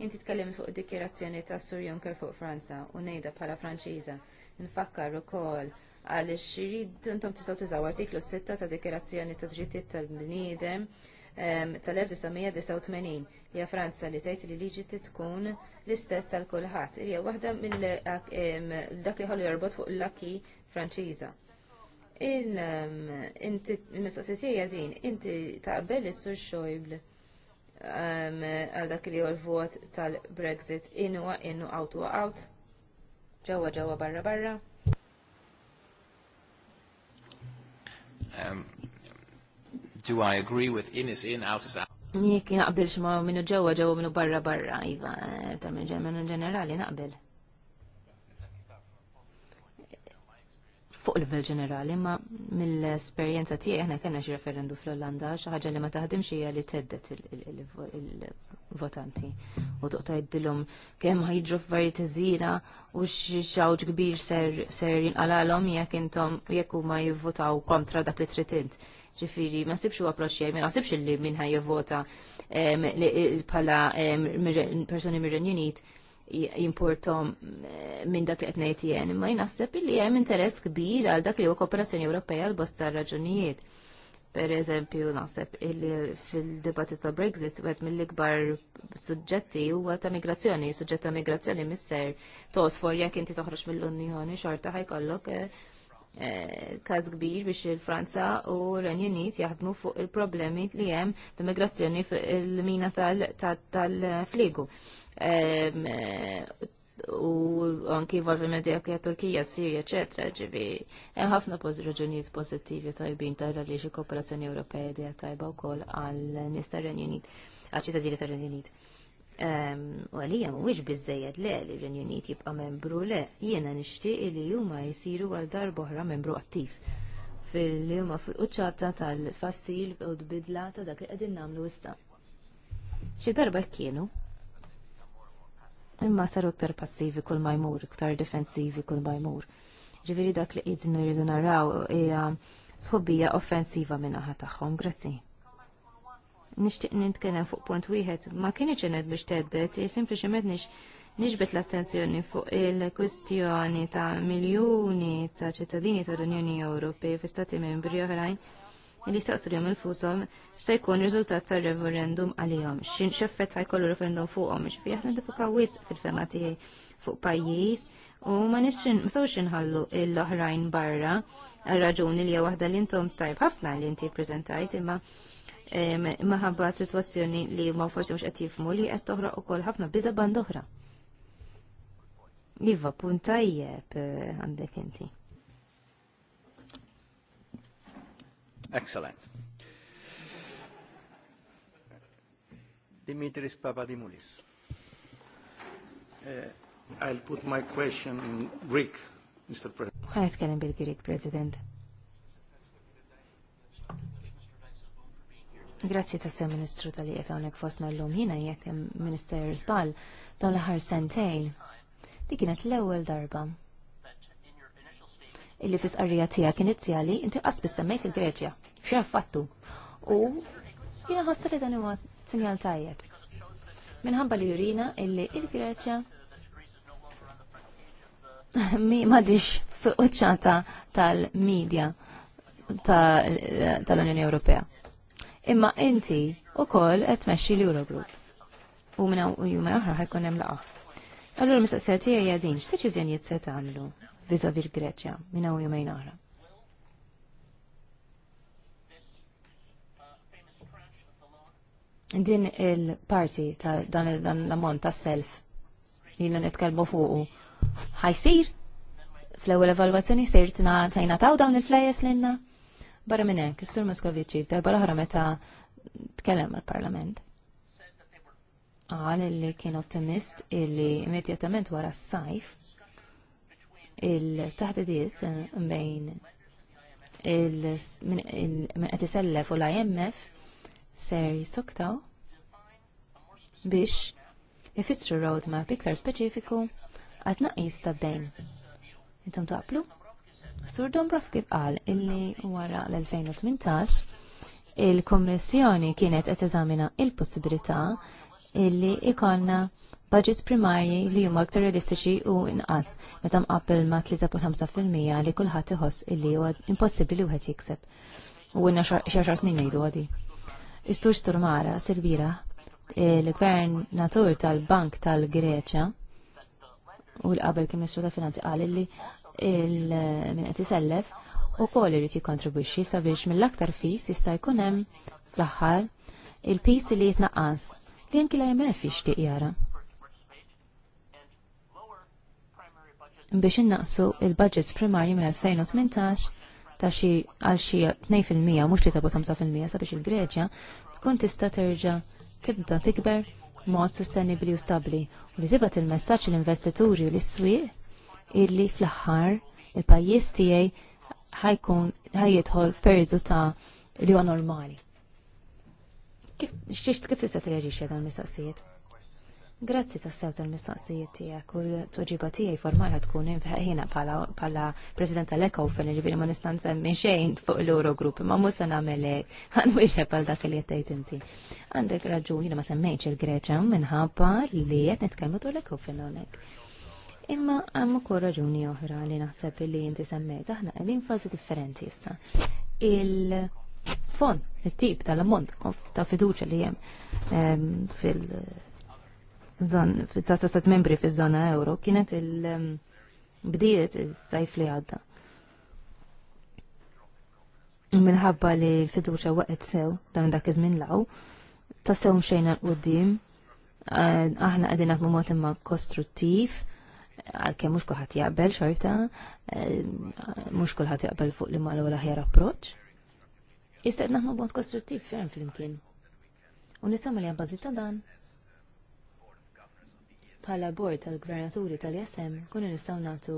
Speaker 1: inti tkellimt fuq id-dikjerazzjoni ta' Sur Juncker fuq Franza u ngħidha bħala Franċiża. Nfakkar ukoll għaliex jrid intom tistgħu tużaw artiklu 6 ta' dikjerazzjoni ta' drittijiet tal-bniedem tal-1989 hija Franza li tgħid li liġi titkun l-istess għal kulħadd. Ilja waħda mill dak li ħallu jorbot fuq l-lakki Franċiża. Il-mistoqsija din, inti taqbel is-sur xojbl għal dak li l-vot tal-Brexit inwa innu out wa out, ġewwa ġewwa barra barra. Do I agree with in is in, out is out? Jek naqbilx ma minnu ġewwa ġewa minu barra barra, iva, eh, ta' minn ġenerali naqbel. Fuq l vel ġenerali, ma mill-esperjenza tiegħi aħna kena xi referendu fl-Olanda, xi ħaġa li ma taħdimx hija li teddet il-votanti u tgħidilhom kemm ħajġru f'varjiet iżjira u xi xawġ kbir ser jinqalalhom jekk intom jekk huma jivvotaw kontra dak li trid int ġifiri, ma sibx u approċċjaj, ma sibx li minn ħaj jivvota pala personi mir-Renju Unit jimportom minn dak li qed ngħid jien, imma jnaħseb li hemm interess kbir għal dak li huwa kooperazzjoni Ewropea għal bosta raġunijiet. Per eżempju, naħseb li fil debatti ta' Brexit wieħed mill-ikbar suġġetti huwa ta' migrazzjoni, suġġetta ta' migrazzjoni misser tosfor jekk inti toħroġ mill-Unjoni xorta ħajkollok eh, Eh, każ kbir biex il-Franza u l-Renju Unit jaħdmu fuq il-problemi li hemm ta' migrazzjoni fil-mina tal-fliegu. Eh, u anki involvimenti jekk ja Turkija, Sirja, eċetera, ġivi. hemm ħafna raġunijiet pożittivi tajbin tara li xi kooperazzjoni Ewropea dejja tajba wkoll għal nies tar-Renju Unit, għal ċittadini tar-Renju Unit. U għalija mhuwiex biżejjed le li r jibqa' membru le, jiena nixtieq li huma jsiru għal darba oħra membru attiv fil huma fil qċata tal sfassil u d-bidla ta' dak li qegħdin nagħmlu issa. Xi darba kienu imma saru ktar passivi kull ma jmur, iktar defensivi kull ma jmur. dak li qidnu jridu naraw hija sħobbija offensiva minna aħa tagħhom, grazzi nixtieq nintkenem fuq punt wieħed ma kienx ġenet biex teddet, sempliċement nix nixbet l-attenzjoni fuq il-kwistjoni ta' miljuni ta' ċittadini tal-Unjoni Ewropej fi stati membri oħrajn li staqsu li il-fusom se jkun riżultat tar referendum għalihom. Xin xeffet ħajkollu referendum fuqhom, xfi jahna nifukaw wisq fil-fema tiegħi fuq pajjiż u ma ma msawx inħallu l-oħrajn barra għal raġuni li hija waħda li intom tajb ħafna li inti ppreżentajt imma maħabba situazzjoni li ma forsi mux għattif mu li qed u kol ħafna biza band oħra. Iva, jieb eh, għandek inti.
Speaker 2: Excellent. Dimitris Papadimoulis. Uh, I'll put my question in Greek, Mr. President.
Speaker 1: Għajt kellem bil-Greek, President. Grazzi ta' sem ministru tal-li qed hawnhekk fostna llum ħina jekk Minister Żball dawn l-aħħar sentejn. Di kienet l-ewwel darba. Illi fis qarrija tiegħek inizjali inti qasbis semmejt il-Greċja. Xejn fattu. U jiena ħossa li dan huwa sinjal tajjeb. Minħabba li jurina illi il-Greċja mi madix fuq ta' tal-medja tal-Unjoni Ewropea imma inti wkoll qed tmexxi l-Eurogroup. U minn jumma oħra ħajkun hemm laqgħa. Allura mistaqsija tiegħi hija din x'deċiżjonijiet se tagħmlu viżavi l-Greċja minn hawn jumejn oħra. Din il-parti ta' dan l-ammont ta' self li nitkellmu fuqu ħajsir fl-ewwel evalwazzjoni sejr tajna taw dawn il l lilna? Barra minn hekk, is-Sur Moskoviċi darba l-oħra meta tkellem mal-Parlament. Qal li kien ottimist illi immedjatament wara s-sajf il-taħdidiet bejn il-min qed isellef u l-IMF ser jistoktaw biex ifissru roadmap iktar speċifiku għat naqis tad dejn. Intom taqblu? Sur Dombrov kif qal illi wara l-2018 il-Kommissjoni kienet qed eżamina il-possibilità illi ikonna budgets primarji li huma aktar realistiċi u inqas meta mqabbel ma' 3.5% li kulħadd iħoss illi huwa impossibbli wieħed jikseb. U għinna xaxar snin jgħidu. għadi. Istux turmara, Silvira, l-gvernatur tal-Bank tal-Greċja u l-qabel kemm ta' finanzi qal li il-min qed isellef ukoll irid jikkontribwixxi sabiex mill-aktar fis jista' jkun hemm fl-aħħar il-pis li jitnaqqas li anki la imf jixtieq jara. biex innaqsu il-budgets primarji minn 2018 ta' xi għal xi 2% mhux li tabu 5% sabiex il-Greċja tkun tista' terġa' tibda tikber mod sostenibli u stabbli u li tibgħat il-messaġġ l-investituri u l-iswieq illi fl-aħħar il-pajjiż tiegħi ħajkun ħajjidħol f'perjodu ta' li huwa normali. Kif kif tista' tirreġixxa dan mistaqsijiet? Grazzi tas-sew tal-mistaqsijiet tiegħek u l toġiba tiegħi formali tkun ħina bħala President tal-Ekofin ġifieri ma nista' nsemmi xejn fuq l-Eurogroup imma mhux se nagħmel hekk hekk għal dak li qed tgħid inti. Għandek raġun jiena ma semmejtx il-Greċa minħabba li qed nitkellmu dwar l-Ekofin hawnhekk. Imma għam ukoll raġuni oħra li naħseb li inti semmejt aħna qegħdin fażi differenti issa. Il-fond, it-tip tal-ammont ta' fiduċa li hemm ehm, fil- zon, fil tasasat membri fiż-żona euro kienet il-bdiet ehm, il-sajf li għadda. Minħabba li l-fiduċa waqgħet sew dan dak iż-żmien law, sew mxejna l-qudiem, eh, aħna qegħdin naħdmu imma kostruttiv, għalkemm mhux kuħat jaqbel xorta, eh, mhux kulħadd jaqbel fuq li mal l-aħjar approċċ. Jista' naħmu b'mod kostruttiv ferm flimkien. U nistgħu li hemm ta' dan bħala bord tal-gvernaturi tal jasem kunu nistgħu nagħtu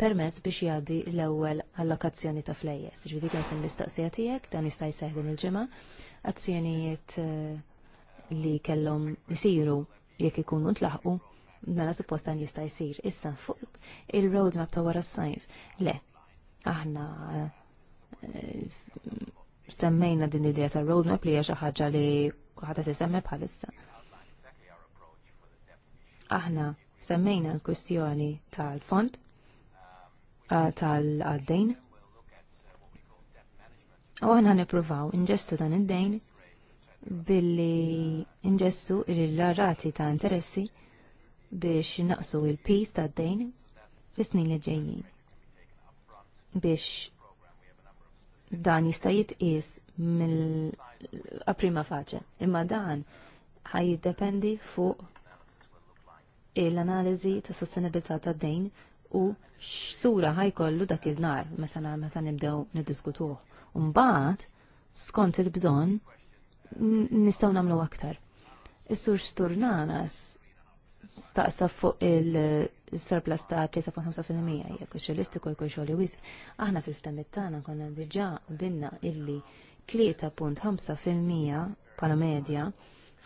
Speaker 1: permess biex jgħaddi l-ewwel allokazzjoni ta' flejjes. Ġvidi kienet l mistaqsija tiegħek dan jista' jsejħ din il-ġimgħa azzjonijiet eh, li kellhom isiru jekk ikunu ntlaħqu mela suppost dan jista' jsir. Issa fuq il-roadmap ta' wara s-sajf. Le, aħna eh, semmejna din l-idea ta' roadmap li hija xi ħaġa li ħadd tisemmi bħalissa. Aħna semmejna l-kwistjoni tal-fond eh, tal-għaddejn. U aħna nippruvaw inġestu dan id-dejn billi inġestu il-rati ta' interessi biex naqsu il-pis ta' d-dejn fis-snin li ġejjin. Biex dan jista' jitqies mill-prima faċe. Imma dan ħaj jiddependi fuq l-analiżi ta' sostenibilità ta' dejn u x'sura ħajkollu dak il-nar meta meta nibdew niddiskutuh. Mbagħad skont il-bżonn nistgħu nagħmlu aktar. Is-sur Sturnanas staqsa fuq il-surplus ta' 3.5% jekk xolistiku jkun xogħol wis. Aħna fil-ftemmet tagħna konna diġà binna illi 3.5% bħala medja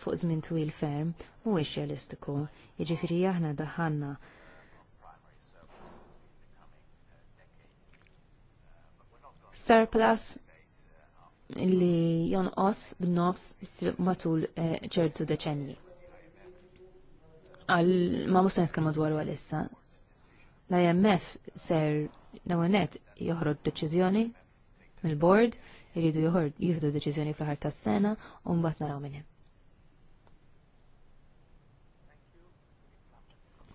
Speaker 1: fuq żmien twil ferm mhuwiex realistiku. Jiġifieri aħna daħanna surplus li jonqos b'nofs matul eh, ċertu deċenji għal ma musta nitkellmu dwar għalissa. L-IMF ser nawenet joħroġ deċiżjoni mill-board, jridu joħorġ jieħdu deċiżjoni fl-ħar tas-sena u mbagħad naraw minn hemm.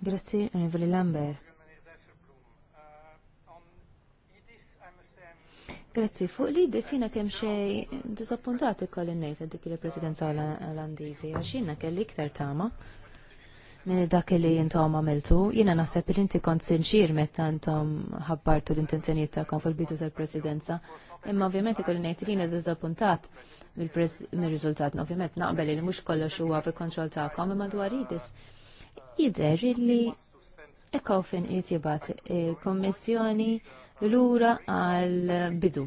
Speaker 1: Grazzi, Onorevoli Lambert. Grazzi, fuq li d dessina kem xej disappuntati kolli nejt dik il-presidenza għal-Andizi, għaxina kelli iktar tama minn dak li jintom għamiltu. Jina naħseb li inti kont sinxir meta intom ħabbartu l-intenzjoniet tagħkom fil-bidu tal-presidenza. Imma ovvjament ikolli ngħid li jiena diżappuntat mir-riżultat. Ovvjament naqbel li mhux kollox huwa fi kontroll tagħkom imma dwar idis. Jidher li ekofin qed jibgħat kommissjoni lura għal bidu.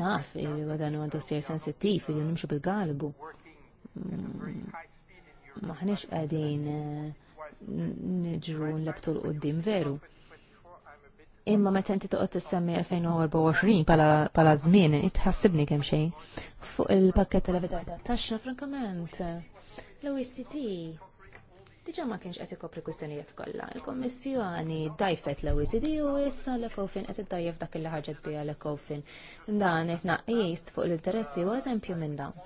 Speaker 1: Naf li għadan għad dossier sensittiv li nimxu bil-galbu mm maħniex qegħdin niġru eh, n l-qoddim veru. Imma meta inti toqgħod semmi 2024 pala żmien itħassibni kemm xejn fuq il pakket tal-evitar tat frankament l-OECD diġa ma kienx qed ikopri kwistjonijiet kollha. il komissjoni dajfet l-OECD u issa l kofin qed iddajjef dak il ħagġet biha l kofin Dan qed naqqist fuq l-interessi u eżempju minn dawn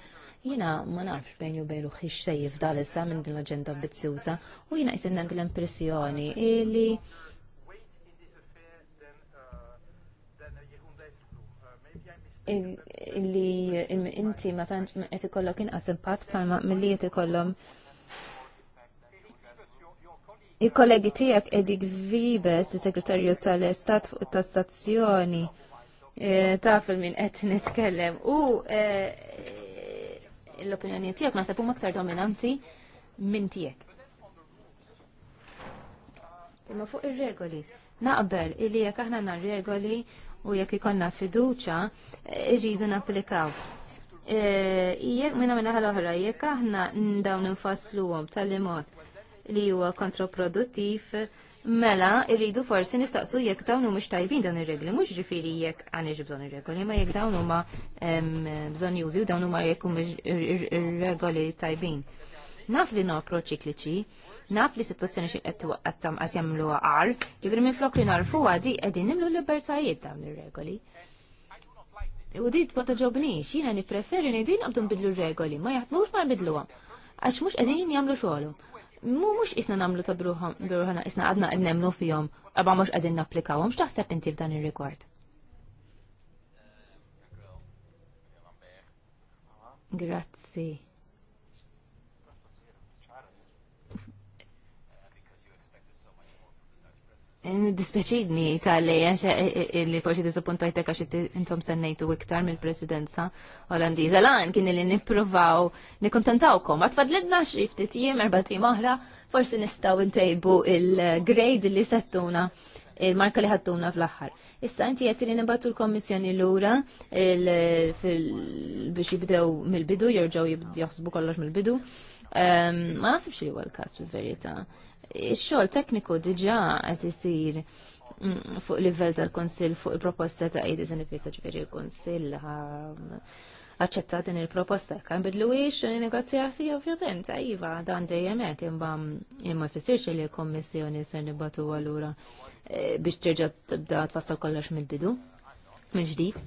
Speaker 1: Jina ma nafx bejn u bejn uħiċ se jifdal issa minn din l-agenda bizzjuża u jina jisinn għandi l-impressjoni li li inti ma tant qed ikollok inqas impatt bħalma milli qed ikollhom il-kollegi tiegħek Edik Vibes, il-Segretarju tal-Estat fuq tas-stazzjoni eh, taf il-min qed nitkellem u eh, l-opinjoni tiegħek ma huma aktar dominanti minn tiegħek. Imma fuq ir-regoli, naqbel illi jekk aħna na regoli u jekk ikonna fiduċa irridu napplikaw. E, jekk minna minna ħal-oħra, jekk aħna dawn infassluhom tal mod li huwa kontraproduttiv, mela irridu forsi nistaqsu jekk dawn mux tajbin dan ir-regli, mhux ġifieri jekk għandix bżonn ir regli ma jekk dawn huma bżonn jużi u dawn huma jekk ir-regoli tajbin. Naf li no ċikliċi, naf li situazzjoni xi qed qed jagħmluha ġifiri minn minflok li narfu għadi qegħdin nimlu libertajiet dawn ir-regoli. U dit ma taġobnix, jiena nippreferi ngħidin qabdu nbidlu r-regoli, ma jaħdmux ma għam, Għax mhux qegħdin jagħmlu xogħolhom mu mux isna namlu ta' bruħana, isna għadna nemlu fijom, għabba mux għadin naplikawom, xtaħseb inti f'dan il-rekord? Grazzi. Dispeċidni tal-li e, e, e, li forsi disappuntajtek għax intom sennejtu iktar mill-presidenza olandiza. Lan kien li nipprovaw nikontentawkom. Għatfadlidna xi ftit jim erba' tim oħra, forsi nistgħu ntejbu il-grade li settuna il-marka li ħattuna fl-axħar. Issa inti qed li nibatu l-kommissjoni lura biex jibdew mill-bidu, jerġgħu jaħsbu kollox mill-bidu. Ehm, ma nasibx li huwa l-każ fil-verità. Ix-xogħol tekniku diġà qed isir mm, fuq livell tal-Konsill fuq il-proposta ta' qiegħda se nifisa ġifieri l-Kunsill aċċetta din il-proposta kan bidlu ix negozjati ovvjament iva dan dejjem hekk imma imma jfissirx li l-Kommissjoni se nibatu allura eh, biex terġa' tibda tfassal kollox mill-bidu mill-ġdid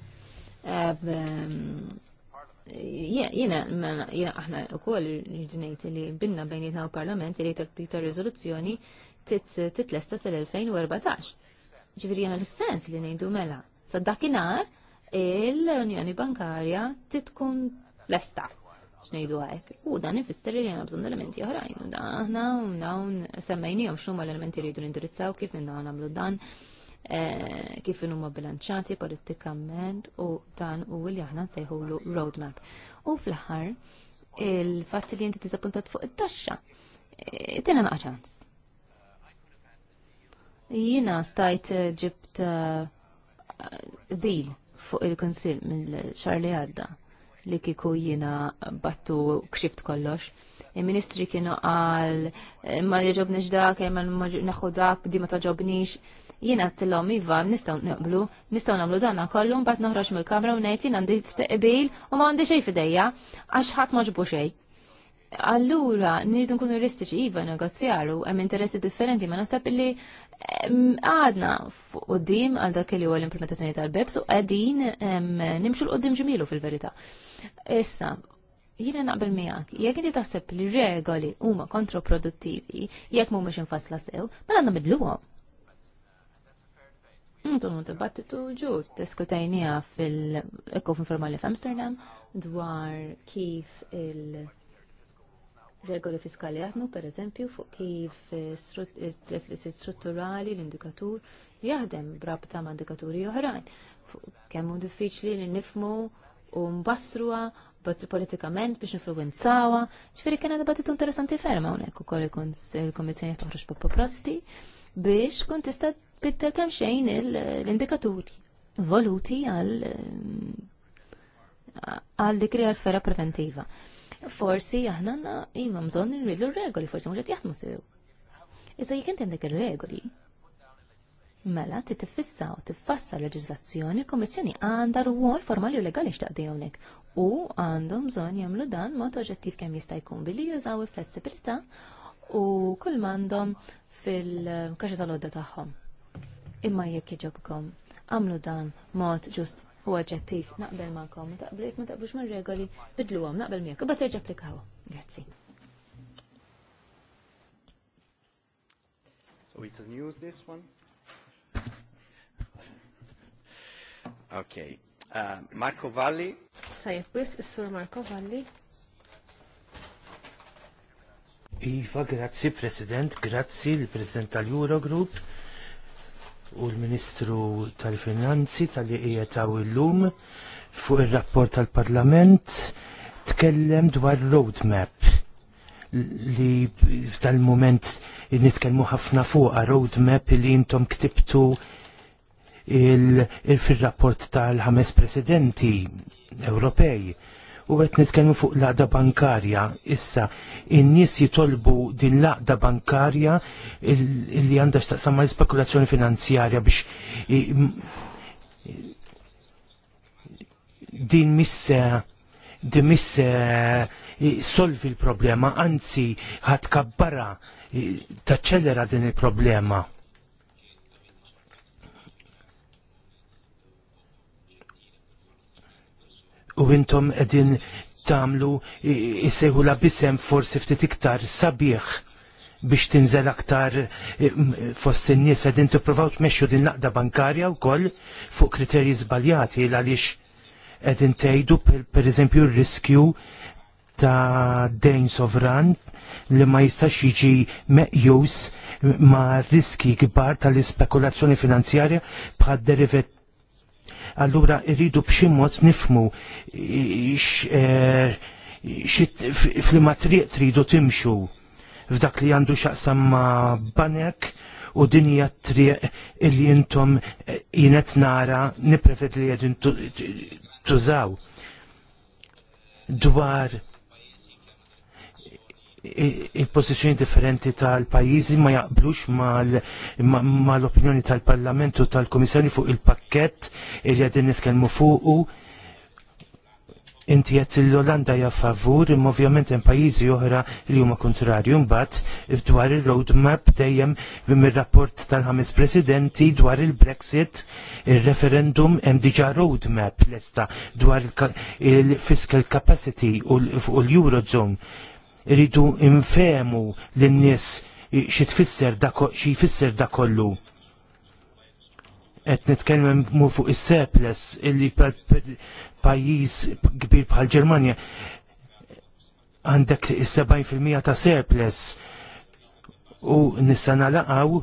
Speaker 1: jena, mela, jena, aħna u koll ġnejt li binna bejnietna u parlament li ta' rizoluzzjoni titlesta tal-2014. Ġviri jena l-sens li nejdu mela. Sa' dakinar l unjoni Bankarja titkun lesta. x'ngħidu hekk. U dan ifisser li jena bżon elementi oħrajn. U da aħna u dawn semmejniehom xumma l-elementi jridu nindirizzaw kif nindaw namlu dan Eh, kif huma bilanċati politikament u dan u li aħna nsejħulu roadmap. U fl-aħħar il-fatt li inti tiżappuntat fuq it-taxxa. Eh, Tina naqa' ċans. Jiena stajt eh, ġibt bil fuq il-konsil mill-xar li għadda li kiku jina battu kxift kollox. Il-ministri kienu għal ma jġobnix dak, ma naħu dak, di ma taġobnix jien għattilhom iva nistgħu naqblu, nistgħu nagħmlu danna kollu mbagħad noħroġ mill-kamra u ngħid jien għandi ftaqbil u ma għandi xejn f'idejja għax ħadd maġbu xej. xejn. Allura nridu nkunu ristiċi iva negozjaru hemm interessi differenti ma naħseb li għadna f'qoddim għal dak li huwa l-implementazzjoni tal-BEPS u qegħdin nimxu l-qoddim ġemilu fil-verità. Issa, jina naqbel miegħek, jekk inti taħseb li regoli huma kontroproduttivi jekk mhumiex infassla sew, mela għandna midluhom. Intom dibattitu ġus, diskutajnija fil-ekkof informali f'Amsterdam dwar kif il-regoli fiskali jaħdmu, per eżempju, fuq kif il-deficit strutturali, l-indikatur, jaħdem brabta ma' indikaturi oħrajn. Kemmu diffiċli li nifmu u mbassruwa politikament biex influenzawa. ċifiri kena dibattitu interessanti ferma unek u koll il-Komissjoni toħroġ proposti biex kun tista' biddel kemm xejn l-indikaturi voluti għal eh, għal dikri għal fera preventiva. Forsi aħna imma bżonn iva, nirridu regoli, forsi mhux qed jaħdmu sew. Iżda jekk inti għandek ir-regoli, mela ti tiffissa u tiffassa l-leġiżlazzjoni, il-Kommissjoni għandha rwol formali u legali x'taqdi u għandhom bżonn jagħmlu dan mod oġġettiv kemm jista' jkun billi jużaw il-flessibilità u kull m'għandhom fil-kaxxa tal-odda tagħhom imma jekk iġobkom. Għamlu dan mod ġust u oġġettiv naqbel ma'kom, ma taqblek ma taqblux ma' regoli għom, naqbel miegħek, u terġa' applikaw. Grazzi.
Speaker 2: So this one. Okay. Uh, Marco Valli.
Speaker 3: Tajjeb, bis, is-sur Marco Valli.
Speaker 2: Iva, grazzi President, grazzi l-President tal-Eurogroup u l-Ministru tal-Finanzi tal-li qiegħed illum fuq ir-rapport tal-Parlament tkellem dwar roadmap li f'dal-moment nitkellmu ħafna fuq roadmap li intom ktibtu il-fil-rapport tal-ħames presidenti Ewropej u qed nitkellmu fuq laqda bankarja. Issa, in-nies jitolbu din laqda bankarja li għandha x'taqsam ma' spekulazzjoni finanzjarja biex din missa di misse solvi l-problema, anzi ħat kabbara taċċellera din il-problema. u intom edin tamlu jisejħu la bisem forsi ftit iktar sabiħ biex tinżel aktar fost in-nies qegħdin tippruvaw tmexxu din naqda bankarja wkoll fuq kriterji żbaljati għaliex qegħdin tgħidu pereżempju r-riskju ta' dejn sovran li ma jistax jiġi meqjus ma' riski kbar tal-ispekulazzjoni finanzjarja bħad derivat allura irridu b'xi mod nifmu eh, f'liema triq tridu timxu f'dak li għandu xaqsam ma' banek u dinja triq illi jintom eh, jinet nara niprefet li jedin tużaw dwar il-pozizjoni differenti tal-pajizi ma jaqblux ma l-opinjoni tal-Parlamentu tal komissarju fuq il-pakket li għedin nitkellmu fuqu. Inti qed l-Olanda hija favur, imma ovvjament hemm pajjiżi oħra li huma kontrarju. Mbagħad dwar il-roadmap dejjem mir-rapport tal-ħames presidenti dwar il-Brexit, il-referendum hemm diġà roadmap lesta dwar il-fiscal capacity u l-Eurozone rridu infemu l-nies xi tfisser xi jfisser da kollu. Et nitkellem mu fuq is-surplus illi pajjiż kbir bħal Ġermanja għandek is-70% ta' surplus u nista' nalaqgħu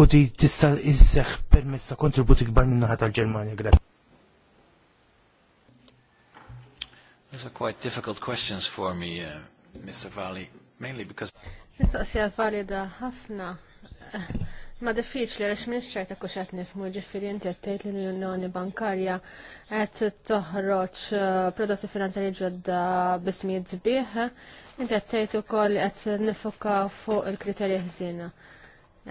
Speaker 2: u di tista' isseħ permezz ta' kontributi kbar in-naħa tal-Ġermanja. Grazie.
Speaker 3: These are quite difficult questions for me, uh, Mr. Valley, mainly because... Mr. Valley, da hafna. Ma diffiċ li għax minn xċajta kuxat nifmu ġifiri inti għattajt li l-Unjoni Bankarja għed toħroċ uh, prodotti finanzjari ġodda bismijiet zbieħ, inti għattajt u koll għed nifuka fuq il-kriterji ħzina.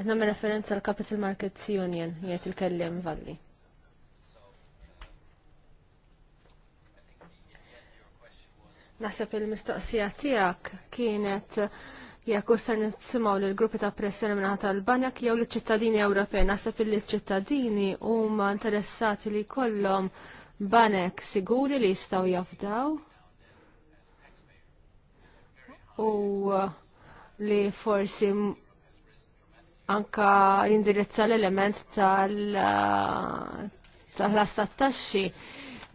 Speaker 3: Għed me referenza l-Capital Markets Union, jgħet il-kellim valli. Naħseb il-mistoqsija tiegħek kienet jekk ser nisimgħu lill gruppi ta' pressjoni minn tal-Banek jew liċ ċittadini Ewropej. Naħseb li ċittadini huma interessati li jkollhom banek siguri li jistgħu jafdaw u li forsi anka jindirizza l-element tal-astat taxxi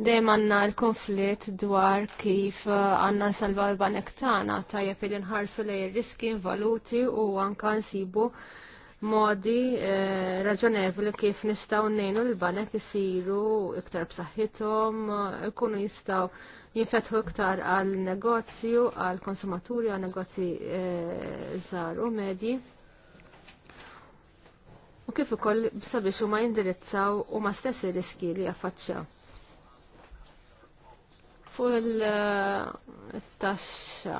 Speaker 3: dejjem għandna l-konflitt dwar kif uh, għandna nsalva l-banek tagħna tajjeb li nħarsu lej ir-riski involuti u anke nsibu modi uh, raġonevoli kif nistgħu nnejnu l-banek isiru iktar b'saħħithom, uh, ikunu jistgħu jinfetħu iktar għal negozju, għal konsumaturi, għal negozji żgħar u medji. U kif ukoll sabiex huma jindirizzaw huma stess ir-riski li jaffaċċjaw fuq il-taxxa.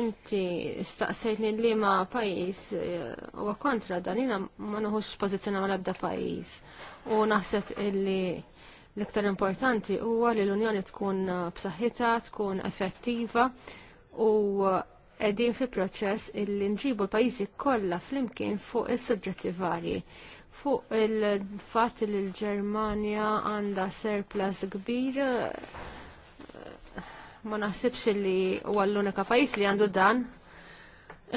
Speaker 3: Inti staqsejtni li ma pajis eh, u kontra danina ma nħux pozizjoni ma labda pajis u naħseb illi l-iktar importanti huwa li l-Unjoni tkun eh, b'saħħitha, tkun effettiva u eh, qegħdin fi proċess illi nġibu l-pajjiżi kollha flimkien fuq is-suġġetti varji fuq il-fat li l ġermania għandha surplus kbir ma naħsibx li huwa l-unika pajjiż li għandu dan.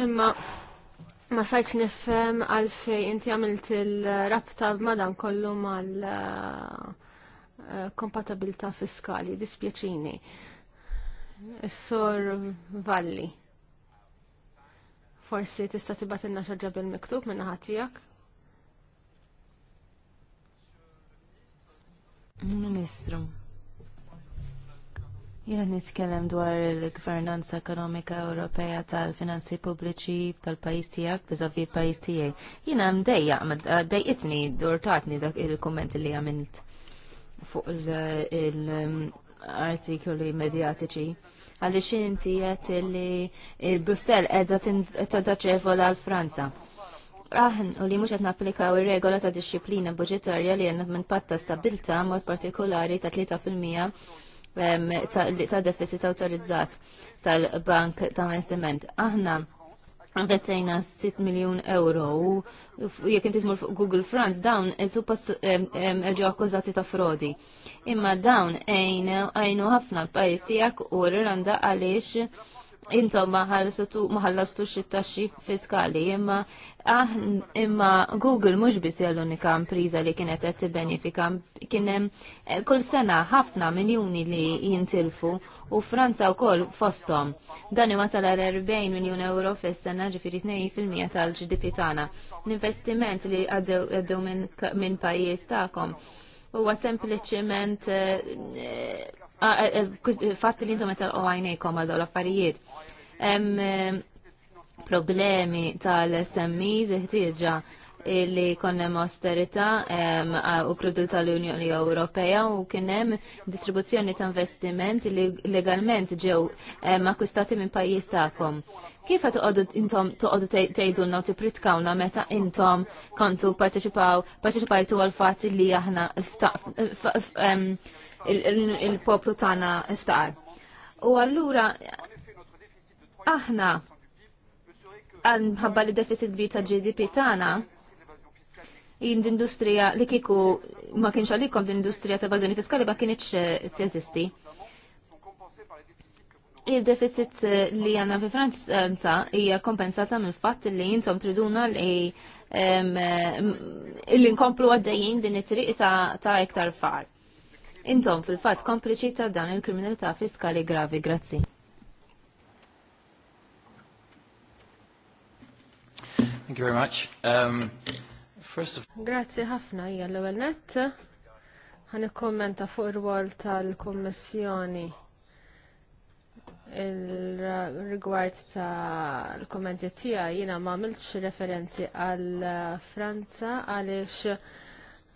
Speaker 3: Imma ma sajtx nifhem għalfej inti għamilt il-rabta madan kollu mal kompatibilità fiskali, dispjaċini. Is-sor Valli. Forsi tista' tibat inna xaġġa bil-miktub minna ħatijak.
Speaker 1: Ministru, jiena nitkellem dwar il-gvernanza ekonomika Ewropea tal-finanzi pubbliċi tal-pajis tiegħek biżavvi pajis tiegħi. Jiena mdejja, dejjitni durtatni dak il-kumment li għamilt fuq l um, artikoli mediatiċi. Għaliex inti qed li Brussell qiegħda tadaċevola għal Franza aħn u li mhux qed napplikaw ir-regola ta' disċiplina budġetarja li għandna minn patta stabilta mod partikolari ta' 3% ta' deficit autorizzat tal-Bank ta' Investiment. Aħna investejna 6 miljon euro u jek inti fuq Google France dawn e, suppas ġew akkużati ta' frodi. Imma dawn għajnu ħafna pajjiż tiegħek u Irlanda għaliex intom maħallastu xit-taxxi fiskali, imma ah, imma Google mhux biss l-unika impriża li kienet qed tibbenefika kien hemm eh, kull sena ħafna miljuni li jintilfu u Franza wkoll fosthom. Dan iwasal għal 40 miljun euro fis-sena ġifieri 2% tal-GDP tagħna. L-investiment li għaddew minn pajjiż tagħkom huwa sempliċement eh, Ah, eh, eh, eh, fatt li intom qed għajnejkom għal l-affarijiet. Problemi tal-SMEs iħtieġa li konnem austerita u krudil tal-Unjoni Ewropea u kienem distribuzzjoni ta' investiment li legalment ġew akkustati minn pajjiż tagħkom. Kif qed toqgħodu intom toqgħodu tgħidulna meta intom kontu parteċipaw parteċipajtu għal fatt li aħna il-poplu tagħna ftaqar. U allura aħna għal li deficit kbir ta' GDP tagħna l industrija li kiku ma kienx għalikom din industrija ta' evażjoni fiskali ma kienx eh, teżisti. Il-deficit eh, li għanna fi Franza hija kompensata mill fatt li jintom triduna li eh, l-inkomplu għaddejjin din it-triq ta' iktar far intom fil-fatt kompliċi ta' dan il-kriminalità fiskali gravi. Grazzi. Thank you very much. Um,
Speaker 2: first of...
Speaker 3: Grazie ħafna hija l-ewwel nett. Ħan ikkommenta fuq ir-rwol tal-Kummissjoni il-rigward tal kommenti tija jina ma' referenzi għal Franza għalix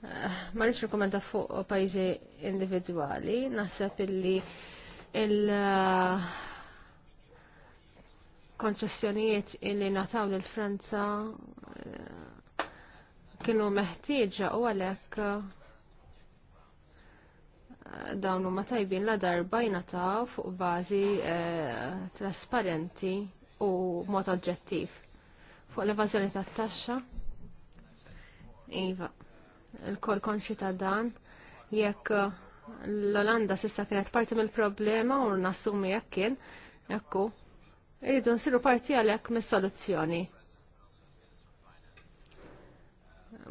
Speaker 3: Eh, ma nix rekomenda fuq pajzi individuali, naħseb illi il-konċessjonijiet eh, illi nataw l-Franza eh, kienu meħtieġa u għalek dawn huma tajbin la darba jnataw fuq bażi trasparenti u mod oġġettiv fuq l-evażjoni tat-taxxa. Iva il-kol konxi ta' dan, jekk uh, l-Olanda sissa kienet parti mill-problema u nassumi jekk kien, jekku, irridu nsiru parti għalek mis-soluzzjoni.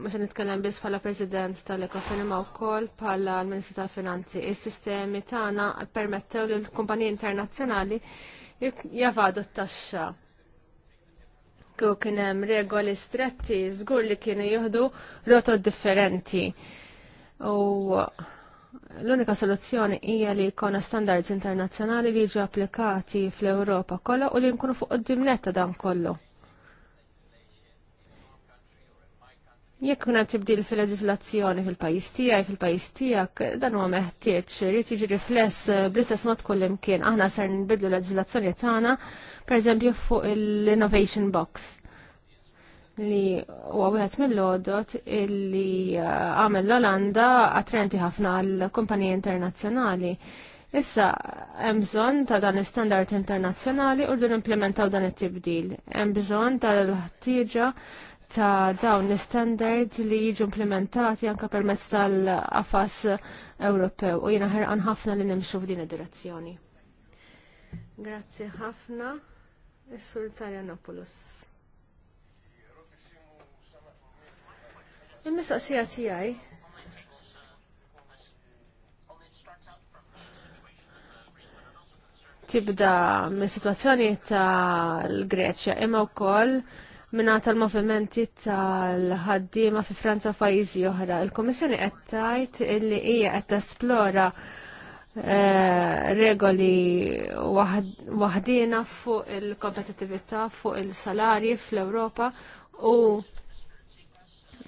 Speaker 3: Mux nitkellem biss bħala President tal-Ekofin u wkoll bħala l-Ministru tal-Finanzi. Is-sistemi tagħna permettew lill kumpaniji internazzjonali javadu t-taxxa kieku kien hemm regoli stretti żgur li kienu jieħdu roto differenti. U l-unika soluzzjoni hija li jkollna standards internazzjonali li jiġu applikati fl-Ewropa kollha u li nkunu fuq qudiem netta dan kollu. Jekk minna tibdil fil-leġislazzjoni fil-pajis tijaj, fil-pajis tijak, dan huwa meħtieġ irid jiġi rifless eh, bl-istess mod kullimkien. Aħna ser nbidlu l-leġislazzjoni tagħna, pereżempju fuq l-Innovation Box li huwa wieħed mill lodot illi eh, għamel l-Olanda attrenti ħafna għal kumpaniji internazzjonali. Issa, hemm bżonn ta' dan l-standard internazzjonali u rridu implementaw dan it-tibdil. Hemm bżonn l ħtieġa ta' dawn l-standards li jiġu implementati anka permezz tal-qafas Ewropew u jiena ħerqan ħafna li nimxu f'din id-direzzjoni. Grazzi ħafna, is-Sur Tsarjanopoulos. Il-mistaqsija tiegħi tibda mis-sitwazzjoni tal-Greċja imma wkoll minna tal-movimenti tal-ħaddima fi Franza u pajizi oħra. Il-Komissjoni qed tgħid illi hija qed tesplora eh, regoli waħdina fuq il-kompetitività, fuq il-salari fl-Ewropa u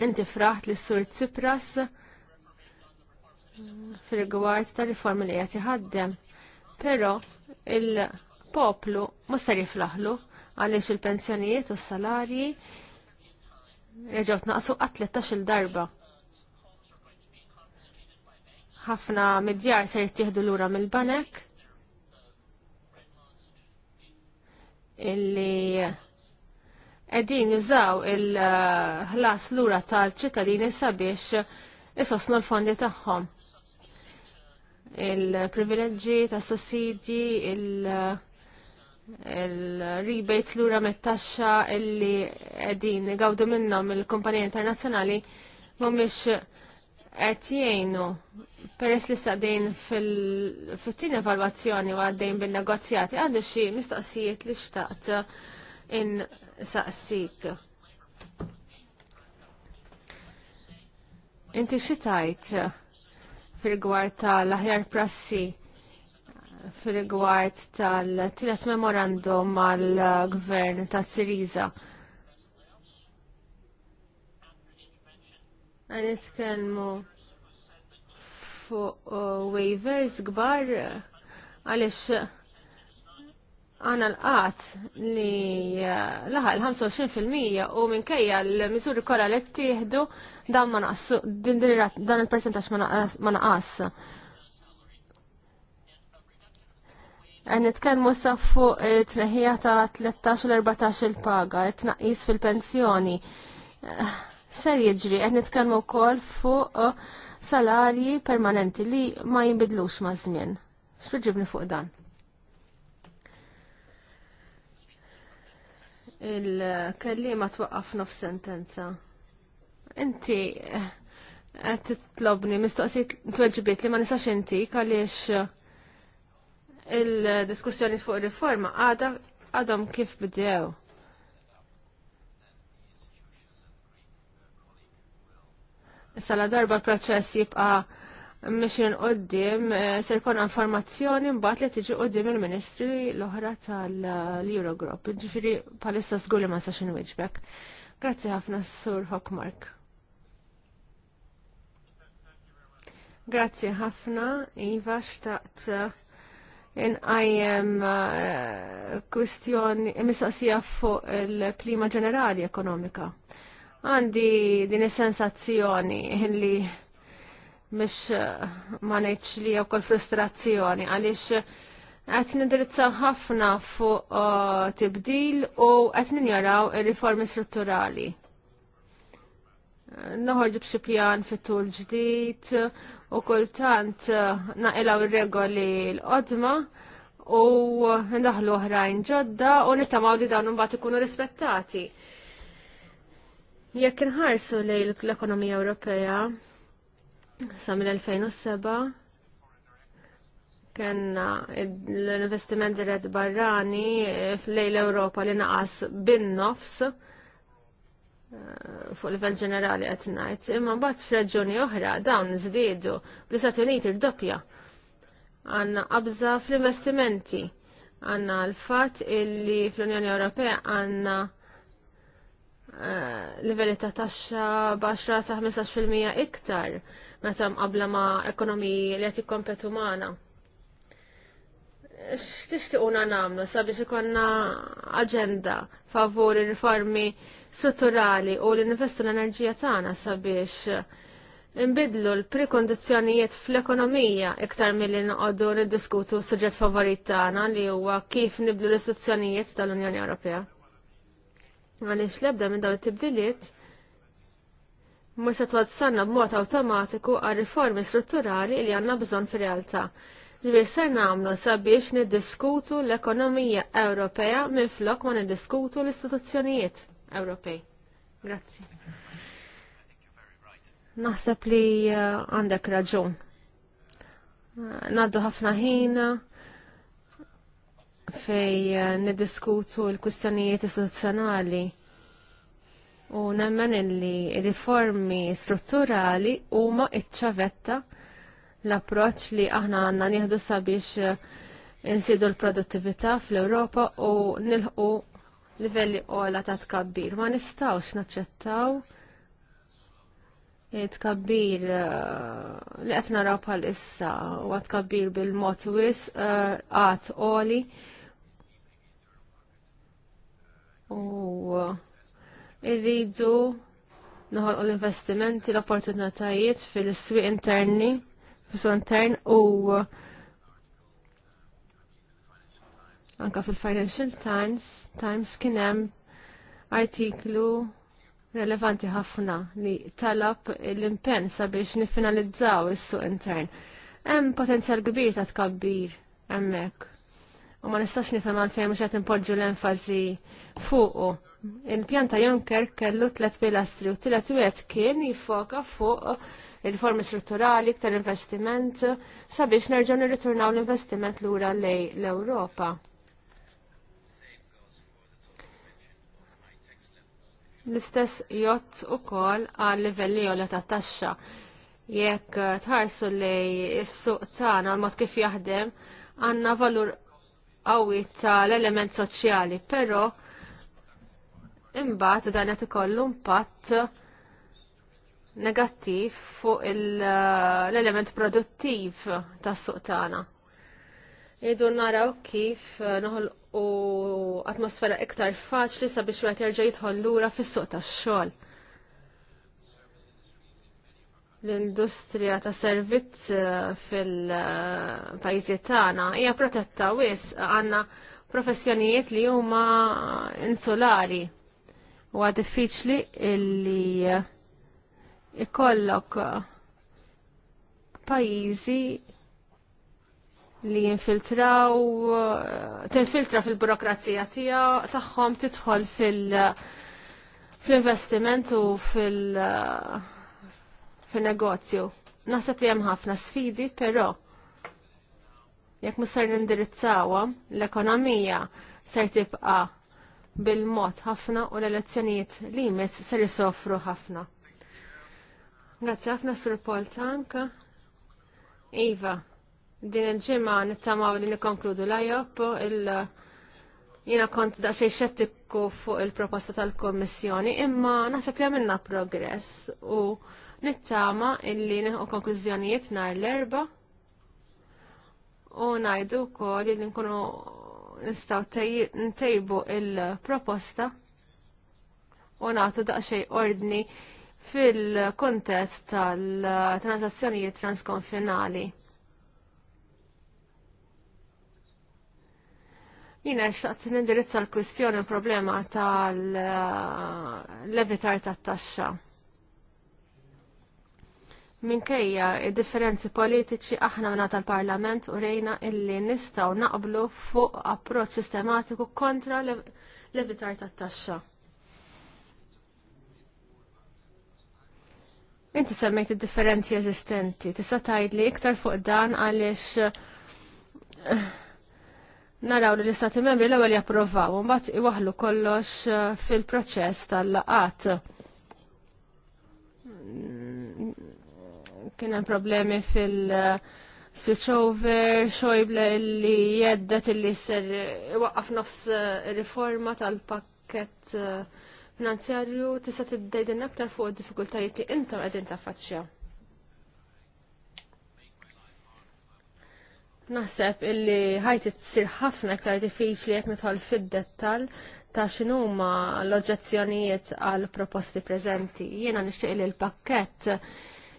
Speaker 3: inti fraħt li sur Tsipras fil-gwart ta' riformi li qed iħaddem. Però il-poplu ma sar jiflaħlu għaliex il-pensjonijiet u s-salarji reġgħu naqsu għat il darba. Ħafna midjar se jittieħdu lura mill-banek illi qegħdin jużaw il-ħlas lura tal-ċittadini sabiex isosnu l-fondi tagħhom il-privileġġi tas sussidji il- il-rebates lura mit-taxxa illi qegħdin gawdu minnhom il-kumpanija internazzjonali mhumiex qed jgħinu peress li staqdejn fil-tieni evalwazzjoni u għaddejn bin-negozjati għandu xi mistoqsijiet li xtaqt in saqsik. Inti tajt fil-gwar tal-aħjar prassi fil-rigward tal-tilet memorandum mal-gvern ta' Siriza. kelmu fuq uh, waivers gbar għalix għana l-qat li uh, laħa l-25% u minkejja l-mizuri kolla li t-tieħdu dan il-percentax ma naqas. Għan nitkellmu saffu eh, t-neħija ta' 13 l-14 il-paga, t-naqis fil-pensjoni. Eh, ser jiġri, għan nitkellmu kol fuq eh, salarji permanenti li ma jimbidlux ma' zmin. Xfiġibni fuq dan? Il-kellima twaqqaf nof sentenza. Inti, għed titlobni mistoqsijiet tweġbiet li ma nistax inti għaliex il-diskussjoni fuq il-riforma għadhom kif bidew. Issa la darba l-proċess jibqa' mixin qoddim eh, se jkun informazzjoni mbagħad li tiġi qoddim il-Ministri l-oħra tal-Eurogroup. Ġifieri palissa żgur li ma sax inwiġbek. Grazzi ħafna Sur Hockmark. Grazzi ħafna, Iva, xtaqt eh, inqajjem uh, kwistjoni mistoqsija fuq il-klima ġenerali ekonomika. Għandi din is-sensazzjoni li mhix uh, ma ngħidx li wkoll frustrazzjoni għaliex qed nindirizzaw ħafna fuq uh, tibdil u qed ninjaraw ir-riformi strutturali noħorġu b'xi pjan fit-tul ġdid u kultant naqilaw ir-regoli l-qodma u ndaħlu oħrajn ġodda u nittamaw li dawn mbagħad ikunu rispettati. Jekk inħarsu lejn l-ekonomija Ewropea sa mill-2007 kenna l-investiment dirett barrani fl-lejl Ewropa li naqas bin-nofs fuq livell ġenerali qed ngħid, imma mbagħad f'reġjuni oħra dawn żdiedu bl-Istati Uniti rdoppja. Għandna qabża fl-investimenti, għandna l-fatt illi fl-Unjoni Ewropea għandna eh, livelli ta' taxxa baxra sa 15% iktar meta mqabbla ma' ekonomiji li qed jikkompetu magħna x'tixtiquna nagħmlu sabiex ikonna aġenda favur riformi strutturali u li ninvestu l-enerġija tagħna sabiex nbidlu l-prekondizzjonijiet fl-ekonomija iktar milli noqogħdu niddiskutu suġġett favorit tagħna li huwa kif niblu l-istituzzjonijiet tal-Unjoni Ewropea. Għaliex l-ebda minn dawn it-tibdiliet mhux se twazzaنا b'mod awtomatiku għal riformi strutturali li għandna bżonn fir-realtà li ser namlu sabiex niddiskutu l-ekonomija Ewropea minn flok ma niddiskutu l-istituzzjonijiet Ewropej. Grazzi. Naħseb li uh, għandek raġun. Uh, naddu ħafna ħin uh, fej niddiskutu l-kustanijiet istituzzjonali u nemmen li riformi strutturali huma iċ-ċavetta l-approċ li aħna għanna nieħdu sabiex eh, insidu l-produttività fl-Ewropa u nilħu livelli ola ta' tkabbir. Ma nistawx naċċettaw tkabbir eh, li qed naraw bħal issa u tkabbir bil-mod wis eh, għad oli u irridu noħolqu l-investimenti, l-opportunitajiet fil-swieq interni f'żon intern u uh, anka fil-Financial Times Times kien hemm artiklu relevanti ħafna li talab l-impenn sabiex nifinalizzaw is-suq intern. Hemm potenzjal kbir ta' tkabbir hemmhekk u ma nistax nifhem għalfejn mhux qed inpoġġu l-enfasi fuqu. Il-pjanta Juncker kellu tliet pilastri u tliet wieħed kien jiffoka fuq il-formi strutturali iktar investiment sabiex nerġgħu nirriturnaw l-investiment lura lej l-Ewropa. L-istess jott ukoll għal livelli jolla ta' taxxa jekk tħarsu li s-suq tagħna l-mod kif jaħdem għandna valur qawwi tal-element soċjali, però imbagħad dan qed ikollu impatt negattiv fuq l-element produttiv tas-suq tagħna. naraw kif u atmosfera iktar faċli sabiex wieħed jerġa' jidħol lura fis-suq tax-xogħol l-industrija ta' servizz eh, fil-pajjiżi tagħna hija protetta wis għandna professjonijiet li huma insulari u għad diffiċli illi eh, ikollok eh, pajjiżi li jinfiltraw, tinfiltra fil-burokrazija tiegħu tagħhom tidħol fil- investiment u fil- fin-negozju. Nasab li hemm ħafna sfidi, però jekk misser nindirizzawhom l-ekonomija ser tibqa' bil-mod ħafna u l-elezzjonijiet li jmiss ser isofru ħafna. Grazzi ħafna Sur Paul Tank. Iva, din il-ġimgħa nittamaw li nikkonkludu l-ajop il- jina kont da xej xettiku fuq il-proposta tal-Kommissjoni, imma naħseb li għamilna progress u Nittama illi neħu konklużjonijiet nar l-erba u najdu kol illi nkunu nistaw ntejbu il-proposta u natu daqxej ordni fil-kontest tal-transazzjonijiet transkonfinali. Jina xtaqt nindirizza l-kwistjoni problema tal-levitar tat-taxxa minkejja differenzi politiċi aħna għana tal-Parlament u rejna illi nistaw naqblu fuq approċ sistematiku kontra l-evitar tat taxxa Inti semmejt id-differenzi eżistenti, tista' tgħidli iktar fuq dan għaliex eh, naraw li l-istati membri l-ewwel japprovaw u mbagħad iwaħlu kollox eh, fil-proċess tal-laqat Kien hemm problemi fil- switchover, xojbla illi jeddet illi ser waqqaf nofs eh, riforma tal-pakket eh, finanzjarju tista' tiddejdin aktar fuq id-diffikultajiet li intom qegħdin taffaċċja. Naħseb illi ħajti tsir ħafna aktar diffiċli jekk nidħol fid-dettal ta' x'inhuma l-oġġezzjonijiet għal proposti preżenti. Jiena nixtieq li l-pakkett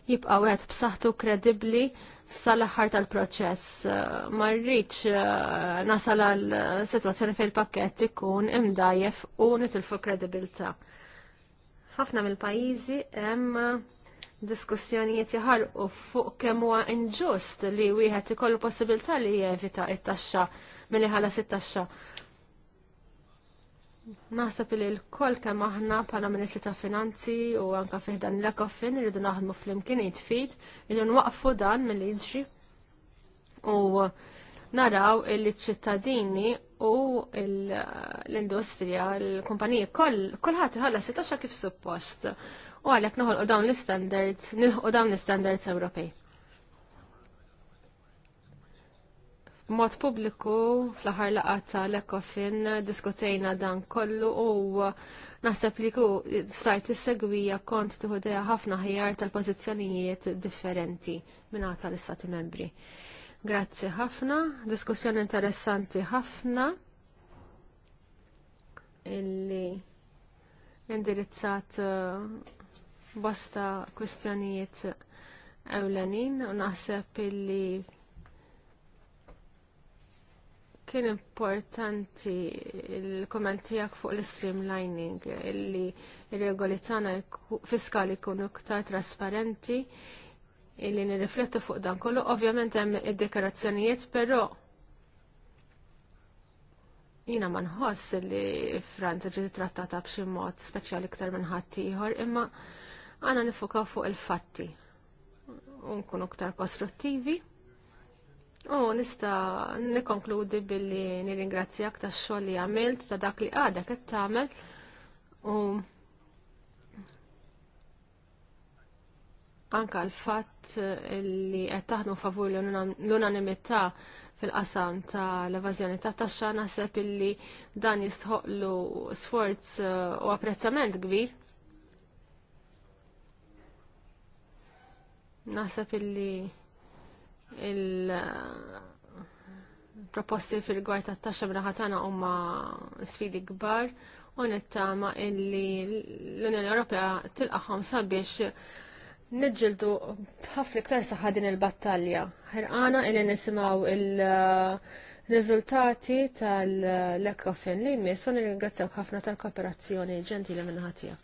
Speaker 3: jibqaw għed b'saħħtu kredibbli sal-aħħar tal-proċess. Eh, ma rridx eh, nasal għal sitwazzjoni fejn il-pakkett ikun imdajjef u nitilfu kredibilta. Ħafna mill-pajjiżi hemm eh, diskussjonijiet jaħarqu fuq kemm huwa inġust li wieħed ikollu possibilità li jevita t taxxa milli ħalas it-taxxa. Naħseb li l-koll kemm aħna bħala Ministri ta' Finanzi u anka fih dan l-ekofin irridu naħdmu flimkien imkien jitfit, nwaqfu dan mill liġi u naraw il-ċittadini u l-industrija, l-kumpaniji kullħat ħalla setaxa kif suppost. U għalek noħolqu dawn l-standards, nilħu dawn l-standards Ewropej. mod pubbliku fl-aħħar laqata l ekofin diskutejna dan kollu u naħseb li ku stajt segwija kont tieħu ħafna ħjar tal-pożizzjonijiet differenti minn tal-Istati Membri. Grazzi ħafna, diskussjoni interessanti ħafna illi indirizzat uh, bosta kwistjonijiet ewlenin u naħseb illi Kien importanti il-kommentijak fuq l-streamlining illi regoli tagħna fiskali jkunu iktar trasparenti illi nirriflettu fuq dan kollu. Ovvjament hemm id-dekorazzjonijiet, però jina ma nħoss li Franza ġiet trattata b'xi mod speċjali iktar minn ħadd ieħor, imma għana nifukaw fuq il-fatti u nkunu iktar kostruttivi U nista nikonkludi billi nirringrazzjak ta' xogħol li għamilt ta' dak li għadek qed tagħmel u anka l-fatt li qed taħdmu favur l-unanimità fil-qasam ta' l-evażjoni ta' taxxa naħseb illi dan jistħoqlu sforz uh, u apprezzament kbir. Naħseb illi il-proposti fil-gwar ta' taxxa braħatana huma sfidi kbar u nittama illi l-Unjoni Ewropea tilqaħom sabiex nidġildu ħafna iktar saħħa din il-battalja. Ħirqana illi nisimgħu il-riżultati tal-Ekofin li jmiss u nirringrazzjaw ħafna tal-kooperazzjoni ġentili minn ħatijak.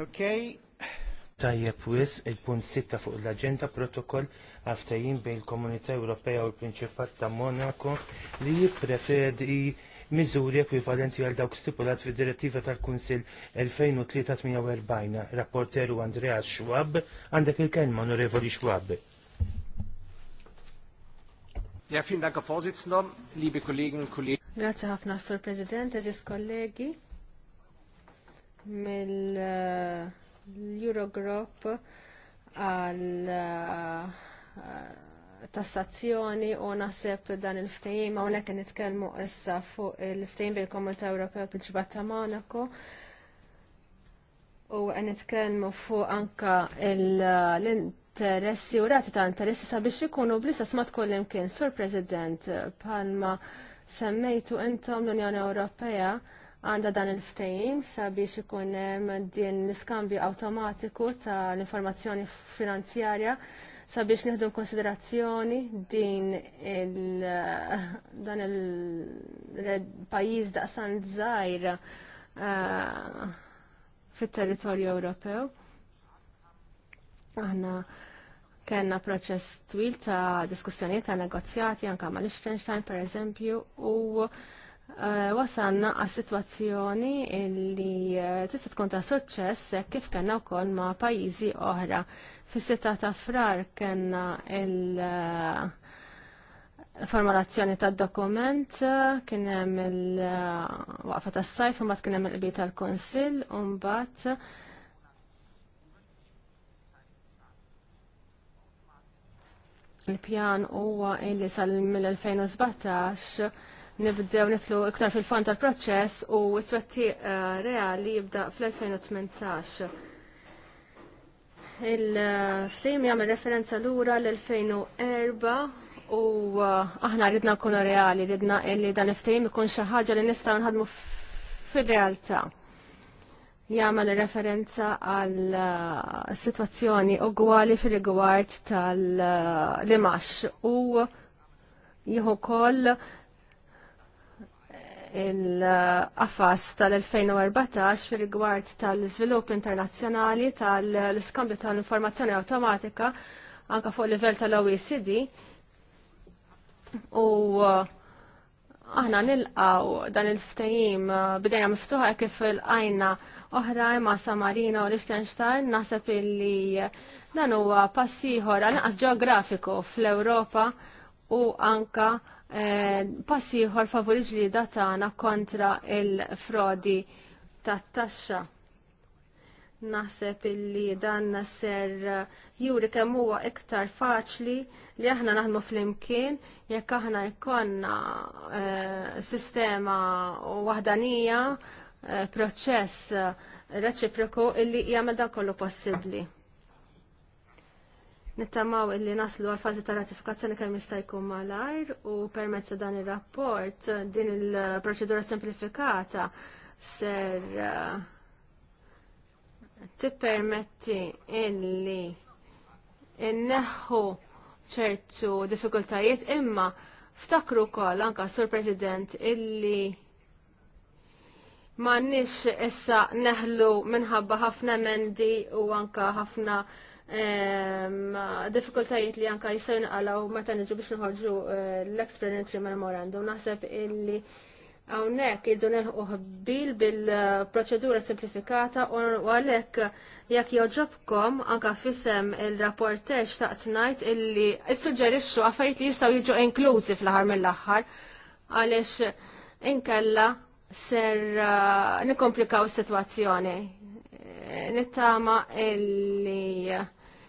Speaker 2: Okay. Tajjeb wis il-punt sitta fuq l-agenda protokoll għaftajin bejn il-Komunità Ewropea u l-Prinċipat ta' Monaco li jipprefedi miżuri ekwivalenti għal dawk stipulat fid direttiva tal-Kunsil 2003-48. Rapporteru Andrea Schwab, għandek il-kelma onorevoli Schwab. Ja, vielen Dank, Herr Vorsitzender, liebe Kolleginnen und Kollegen.
Speaker 3: Grazie ħafna, Sur President, eżis kollegi mill-Eurogroup għal eh, tassazzjoni u nasib dan il-ftehim hawnhekk nitkelmu issa fuq il ftejim bil-Komunità Ewropea bil ġbat ta' Monaco u nitkellmu fuq anka l-interessi u rati ta' interessi sabiex ikunu bl-istess ma tkun imkien sur President palma semmejtu intom l-Unjoni Ewropea għanda dan il-ftejim sabiex ikun din l-iskambju automatiku ta' l-informazzjoni finanzjarja sabiex nieħdu konsiderazzjoni din il, dan il-pajjiż daqsan żgħir uh, fit-territorju Ewropew. Aħna kena proċess twil ta' diskussjoni ta' negozjati anke ma' Liechtenstein per eżempju u Eh, wasanna għas situazzjoni li eh, tista' tkun ta' suċċess kif kellna wkoll ma' pajjiżi oħra. Fis-sitta ta' frar kellna il- eh, formulazzjoni tad dokument kien hemm il-waqfa tas-sajf imbagħad kien hemm il-qbi tal-kunsill u mbagħad il-pjan huwa illi sal mill-2017 nibdew nitlu iktar fil-fan tal-proċess u t-twetti eh, reali jibda fl-2018. Il-ftim jgħamil referenza l-ura l-2004 u eh, aħna ridna nkunu reali, ridna li dan il ikun xi ħaġa li nistgħu nħadmu fil-realtà jagħmel referenza għal eh, situazzjoni għuali fil-rigward tal-limax u jħu koll il-qafas tal-2014 fil rigward tal-svilupp internazzjonali tal-iskambju tal-informazzjoni automatika anka fuq livell tal-OECD u uh, aħna nilqaw dan il-ftajim uh, bidejna miftuħa kif il-għajna oħra ma Samarina u Liechtenstein naħseb illi uh, dan huwa passiħor għal ġeografiku fl-Ewropa u anka Eh, passi ħor favoriġ li datana kontra il-frodi tat taxxa Naħseb illi dan ser juri kemm huwa iktar faċli li aħna naħdmu flimkien jekk aħna jkollna eh, sistema waħdanija eh, proċess reċiproku illi jagħmel dan kollu possibbli nittamaw illi naslu għal fażi ta' ratifikazzjoni kemm jista' jkun malajr u permezz ta' dan ir-rapport din il-proċedura semplifikata ser eh, tippermetti illi inneħħu ċertu diffikultajiet imma ftakru wkoll anke sur President illi ma nix issa neħlu minħabba ħafna mendi u anka ħafna diffikultajiet li anka jistaw għalaw meta niġu biex nħorġu eh, l-explanatory memorandum. Naħseb illi għawnek jiddu nelħu bil bil-proċedura simplifikata u għalek jekk joġobkom anka fissem il-rapporter ta' tnajt illi suġġerixxu għafajt li jistaw jiġu inklużi fl-ħar mill-aħħar għalix inkella ser uh, eh, nikomplikaw situazzjoni nittama illi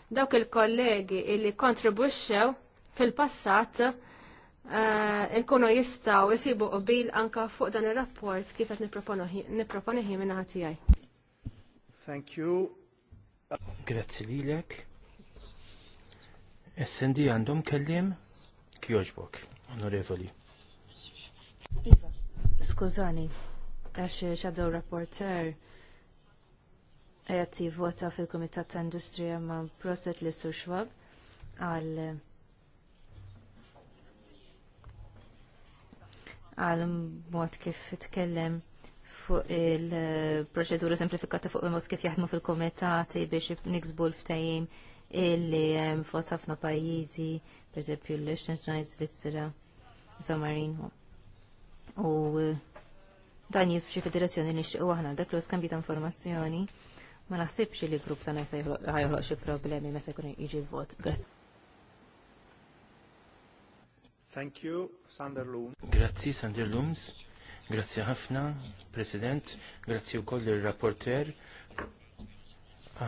Speaker 3: dawk il-kollegi illi kontribuxxew fil-passat eh, nkunu jistaw jisibu bil anka fuq dan ir-rapport kif qed niproponiħi minn ħatijaj.
Speaker 2: Thank you. Grazzi lilek. Essendi għandhom kellim kjoġbok, onorevoli.
Speaker 1: Iva, skużani, għax xadow rapporter għajat jivvota fil-Kumitat ta' Industrija ma' proset li suxwab, għal għal mod kif tkellem fuq il-proċedura semplifikata fuq il-mod kif jaħdmu fil-komitati biex niksbu l-ftajim illi fost ħafna pajjiżi, per eżempju l-Liechtenstein, Svizzera, Somarino. U dan jif xi federazzjoni nixtiequ aħna dak l-iskambju ta' informazzjoni ma naħsibx li grupp tagħna jista' jħajħloq xi problemi meta jkun jiġi l-vot. Grazzi. Thank you, Sander Loom.
Speaker 2: Grazzi, Sander Looms. Grazzi ħafna, President. Grazzi wkoll ir-rapporter.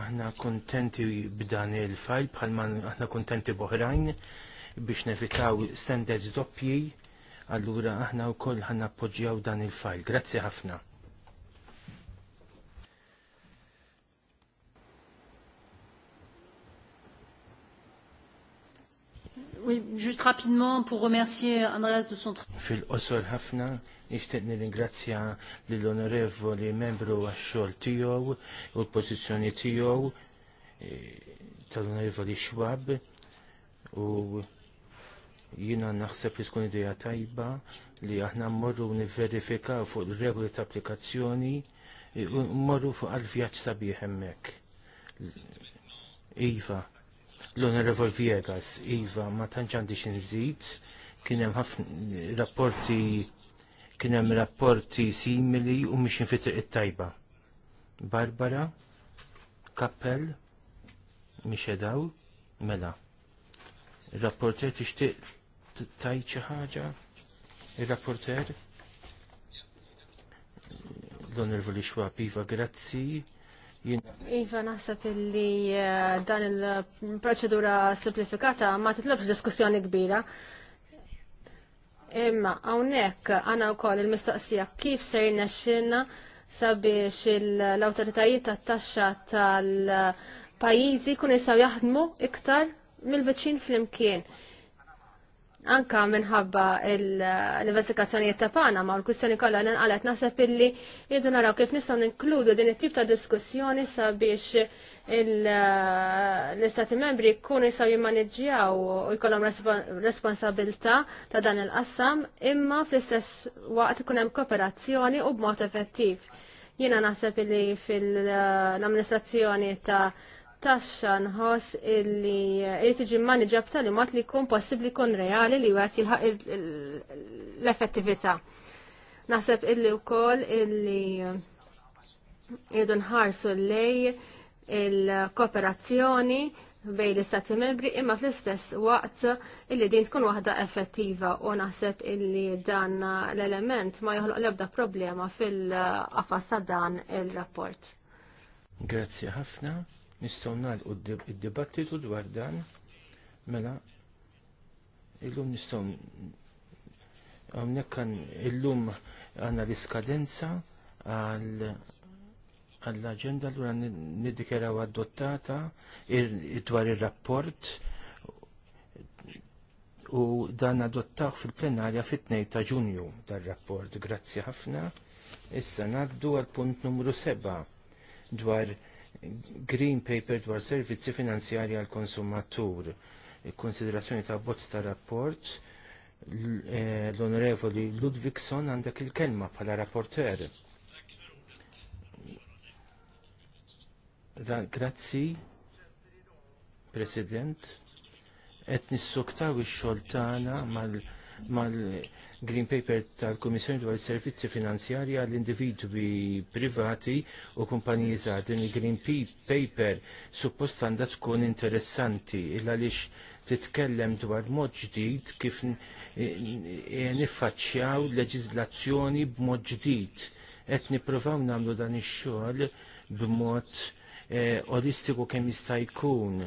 Speaker 2: Aħna kontenti b'dan il-fajl bħalma aħna kontenti boħrajn biex nevitaw standards doppji. Allura aħna wkoll appoġġjaw dan il-fajl. Grazzi ħafna.
Speaker 3: Oui, juste rapidement pour remercier Andreas de son travail.
Speaker 2: Fil-qosor ħafna, nixtieq nirringrazzja lill-onorevoli membru għax-xogħol tiegħu u l-pożizzjoni tiegħu eh, tal-onorevoli Schwab u jiena naħseb li tkun idea tajba li aħna mmorru nivverifikaw fuq ir regoli ta' applikazzjoni eh, u mmorru fuq għal-vjaġġ sabiħ hemmhekk. Iva, l-Onorevol Viegas, Iva, ma tanċandi zid, kienem ħafna rapporti kienem rapporti simili u mux nfitriq it-tajba. Barbara, Kappel, Mishedaw, Mela. Rapporter tixtieq tajt xi ħaġa? Il-rapporter? L-Onorevoli Xwab, Iva, grazzi
Speaker 3: Iva, naħseb li eh, dan il-proċedura simplifikata ma titlobx diskussjoni kbira. Imma, għawnek għana u koll il-mistoqsija kif ser xinna sabiex l-autoritajiet tat taxxa tal-pajizi kun jistaw jaħdmu iktar mill-veċin fl-imkien. fl imkien anka minħabba l-investigazzjonijiet ta' Panama l kustjoni kollha n-għalet naħseb illi jizun naraw kif nistgħu ninkludu din it-tip ta' diskussjoni sabiex l-istati membri jkunu jistgħu jimmaneġġjaw u jkollhom responsabilità ta' dan il-qassam imma fl-istess waqt ikun hemm kooperazzjoni u b'mod effettiv. Jiena naħseb illi fil-amministrazzjoni ta' taxxa nħoss illi irid tiġi maniġab tal mod li jkun possibbli kun reali li wieħed jilħaq l-effettività. Naħseb illi wkoll illi jridu nħarsu lej il-kooperazzjoni bejn l-istati membri imma fl-istess waqt illi din tkun waħda effettiva u naħseb illi dan l-element ma joħloq l-ebda problema fil-qafas ta' dan il-rapport.
Speaker 2: Grazzi ħafna nistgħu nagħlqu d-dibattitu dwar dan mela illum nistgħu hawnhekk kan illum għandna l-iskadenza għall agenda l niddikjaraw adottata dwar ir-rapport u dan adottaw fil-plenarja fit-2 ta' Ġunju dar-rapport. Grazzi ħafna. Issa naddu għal punt numru 7 dwar Green Paper dwar servizzi finanzjarji għal konsumatur. Konsiderazzjoni ta' bozz ta' rapport l-Onorevoli Ludvigson għandek il-kelma bħala rapporter. Grazzi, President, s-soktaw ix-xoltana mal-, mal Green Paper tal-Komissjoni dwar servizzi finanzjarji għall individwi privati u kumpaniji żgħar. Din il-Green Paper suppost għandha tkun interessanti il għaliex titkellem dwar mod ġdid kif e- e- niffaċċjaw leġiżlazzjoni b'mod ġdid. Qed nippruvaw nagħmlu dan ix-xogħol b'mod holistiku eh, olistiku kemm jista' jkun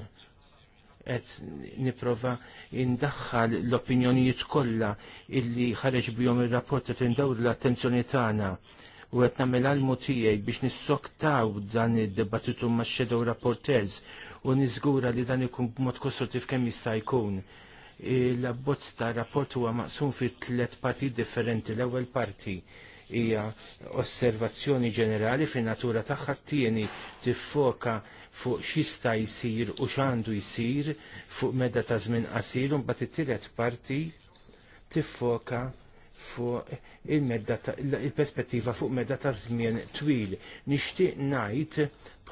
Speaker 2: qed niprova indaħħal l-opinjonijiet kollha illi ħareġ bihom ir-rapport fin dawl l-attenzjoni tagħna u qed nagħmel għalmu tiegħi biex nissoktaw dan id-debattitu ma' shadow rapporters u nizgura li dan ikun b'mod kostruttiv kemm jista' jkun. L-abbozz ta' rapport huwa maqsum fi tliet parti differenti. L-ewwel parti hija osservazzjoni ġenerali fin natura tagħha t-tieni tiffoka fuq xista jisir u xandu jisir fuq medda ta' żmien qasir u mbagħad it-tielet parti tiffoka fuq il-medda il-perspettiva fuq medda ta' żmien twil. Nixtieq ngħid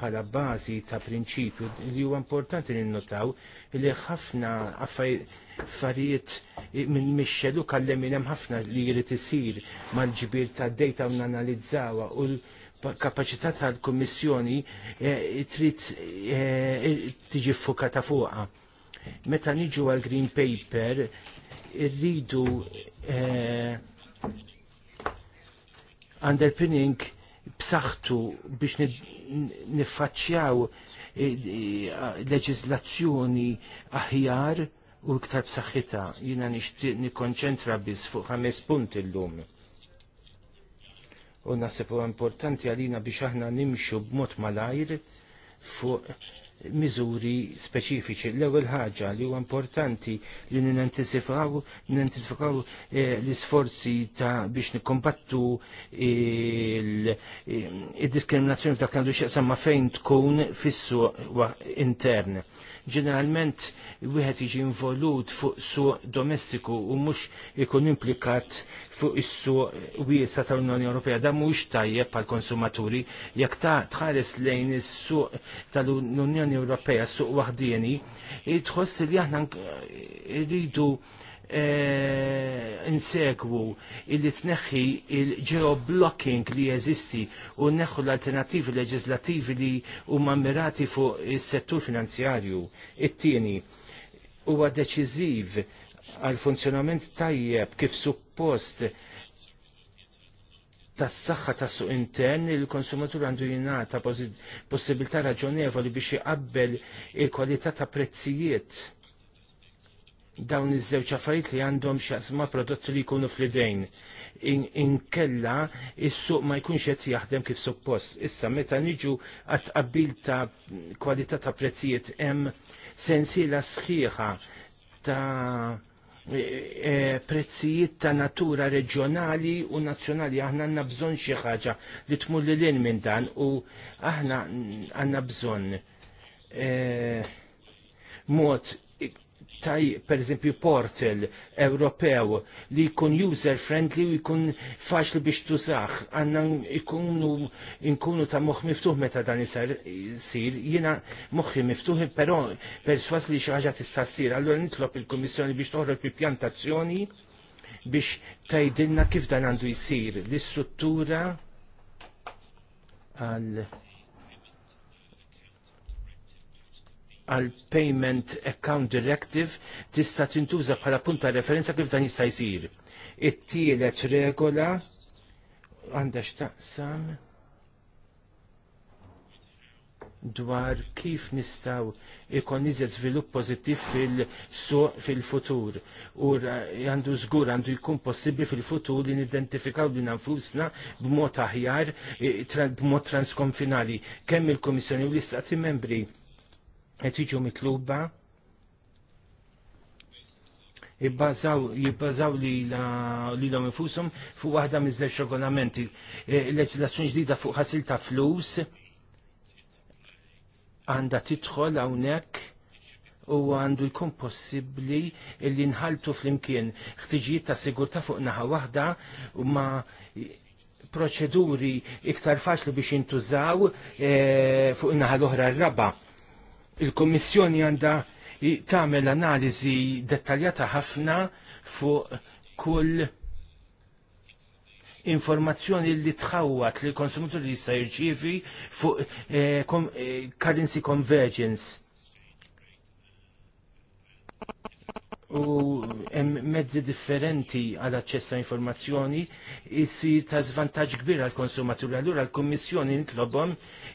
Speaker 2: bħala bażi ta' prinċipju li huwa importanti ninnotaw li ħafna affarijiet minn mixxelu kallem hemm ħafna li jrid isir mal-ġbir tad dejta u nanalizzawa u l- kapacità tal-Kommissjoni eh, trid eh, tiġi fukata fuqha. Meta niġu għal Green Paper, irridu eh, underpinning b'saħħtu biex niffaċċjaw leġiżlazzjoni aħjar u iktar b'saħħitha. Jiena nixtieq nikkonċentra biss fuq ħames punti llum u nasib u importanti għalina biex aħna nimxu b'mod malajr fuq miżuri speċifiċi. L-ewwel ħaġa li huwa importanti li nintensifaw nintensifaw eh, l-isforzi ta' biex nikkombattu il-diskriminazzjoni eh, ta' kandu xieqsam ma' fejn tkun fissu intern ġeneralment wieħed jiġi involut fuq suq domestiku u mhux ikun implikat fuq is-suq wiesa tal-Unjoni Ewropea. Dan mhux tajjeb għall konsumaturi jekk ta' tħares lejn is-suq tal-Unjoni Ewropea suq waħdieni, tħoss li aħna rridu Eh, insegwu illi tneħħi il-geoblocking li jeżisti u neħħu l-alternativi leġislativi li huma mirati fuq is-settur finanzjarju. It-tieni huwa deċiżiv għal funzjonament tajjeb kif suppost tas saħħa ta' suq intern il-konsumatur għandu jingħata possibilità raġonevoli biex iqabbel il-kwalità ta' prezzijiet dawn iż-żewġ affarijiet li għandhom x'jaqsma prodotti li jkunu fl-idejn. Inkella in is-suq ma jkunx qed jaħdem kif suppost. Issa meta niġu għat qabbil ta' kwalità ta' prezzijiet hemm sensiela sħiħa ta' e, e prezzijiet ta' natura reġjonali u nazzjonali aħna għandna bżonn xi ħaġa li tmur lil minn dan u aħna għandna bżonn e, mod taj per esempio portal Ewropew li jkun user friendly u jkun faċli biex tużax. Għanna jkunu nkunu ta' moħħ miftuħ meta dan isir jiena moħħi miftuħ però perswas li xi ħaġa tista' ssir. Allura nitlob il-Kummissjoni biex toħroġ bi pjantazzjoni biex tajdilna kif dan għandu jsir l-istruttura għal għal Payment Account Directive tista' tintuża bħala punta referenza kif dan jista' jsir. It-tielet regola għandha x'taqsam dwar kif nistaw ikon iżjed zvilup pozittiv fil-futur. U għandu żgur għandu jkun possibbli fil-futur li nidentifikaw li nanfusna b'mod aħjar, b'mod transkonfinali, kemm il-Komissjoni u l-Istati membri qed jiġu mitluba jibbażaw li l-om infushom fuq waħda miż-żewġ regolamenti. E, leġislazzjoni ġdida fuq ħasil ta' flus għandha tidħol hawnhekk u għandu jkun possibbli li nħaltu fl-imkien ħtiġijiet ta' sigurtà fuq naħa waħda u ma proċeduri iktar faċli biex jintużaw e, fuq naħa l-oħra r-raba' il-Kommissjoni għandha tagħmel analiżi dettaljata ħafna fuq kull informazzjoni li tħawwat li l-konsumatur jista' jirċievi fuq eh, eh, currency convergence u hemm mezzi differenti għal aċċess ta' informazzjoni jsir ta' żvantaġġ kbir għall konsumaturi Allura l-Kummissjoni nitlobhom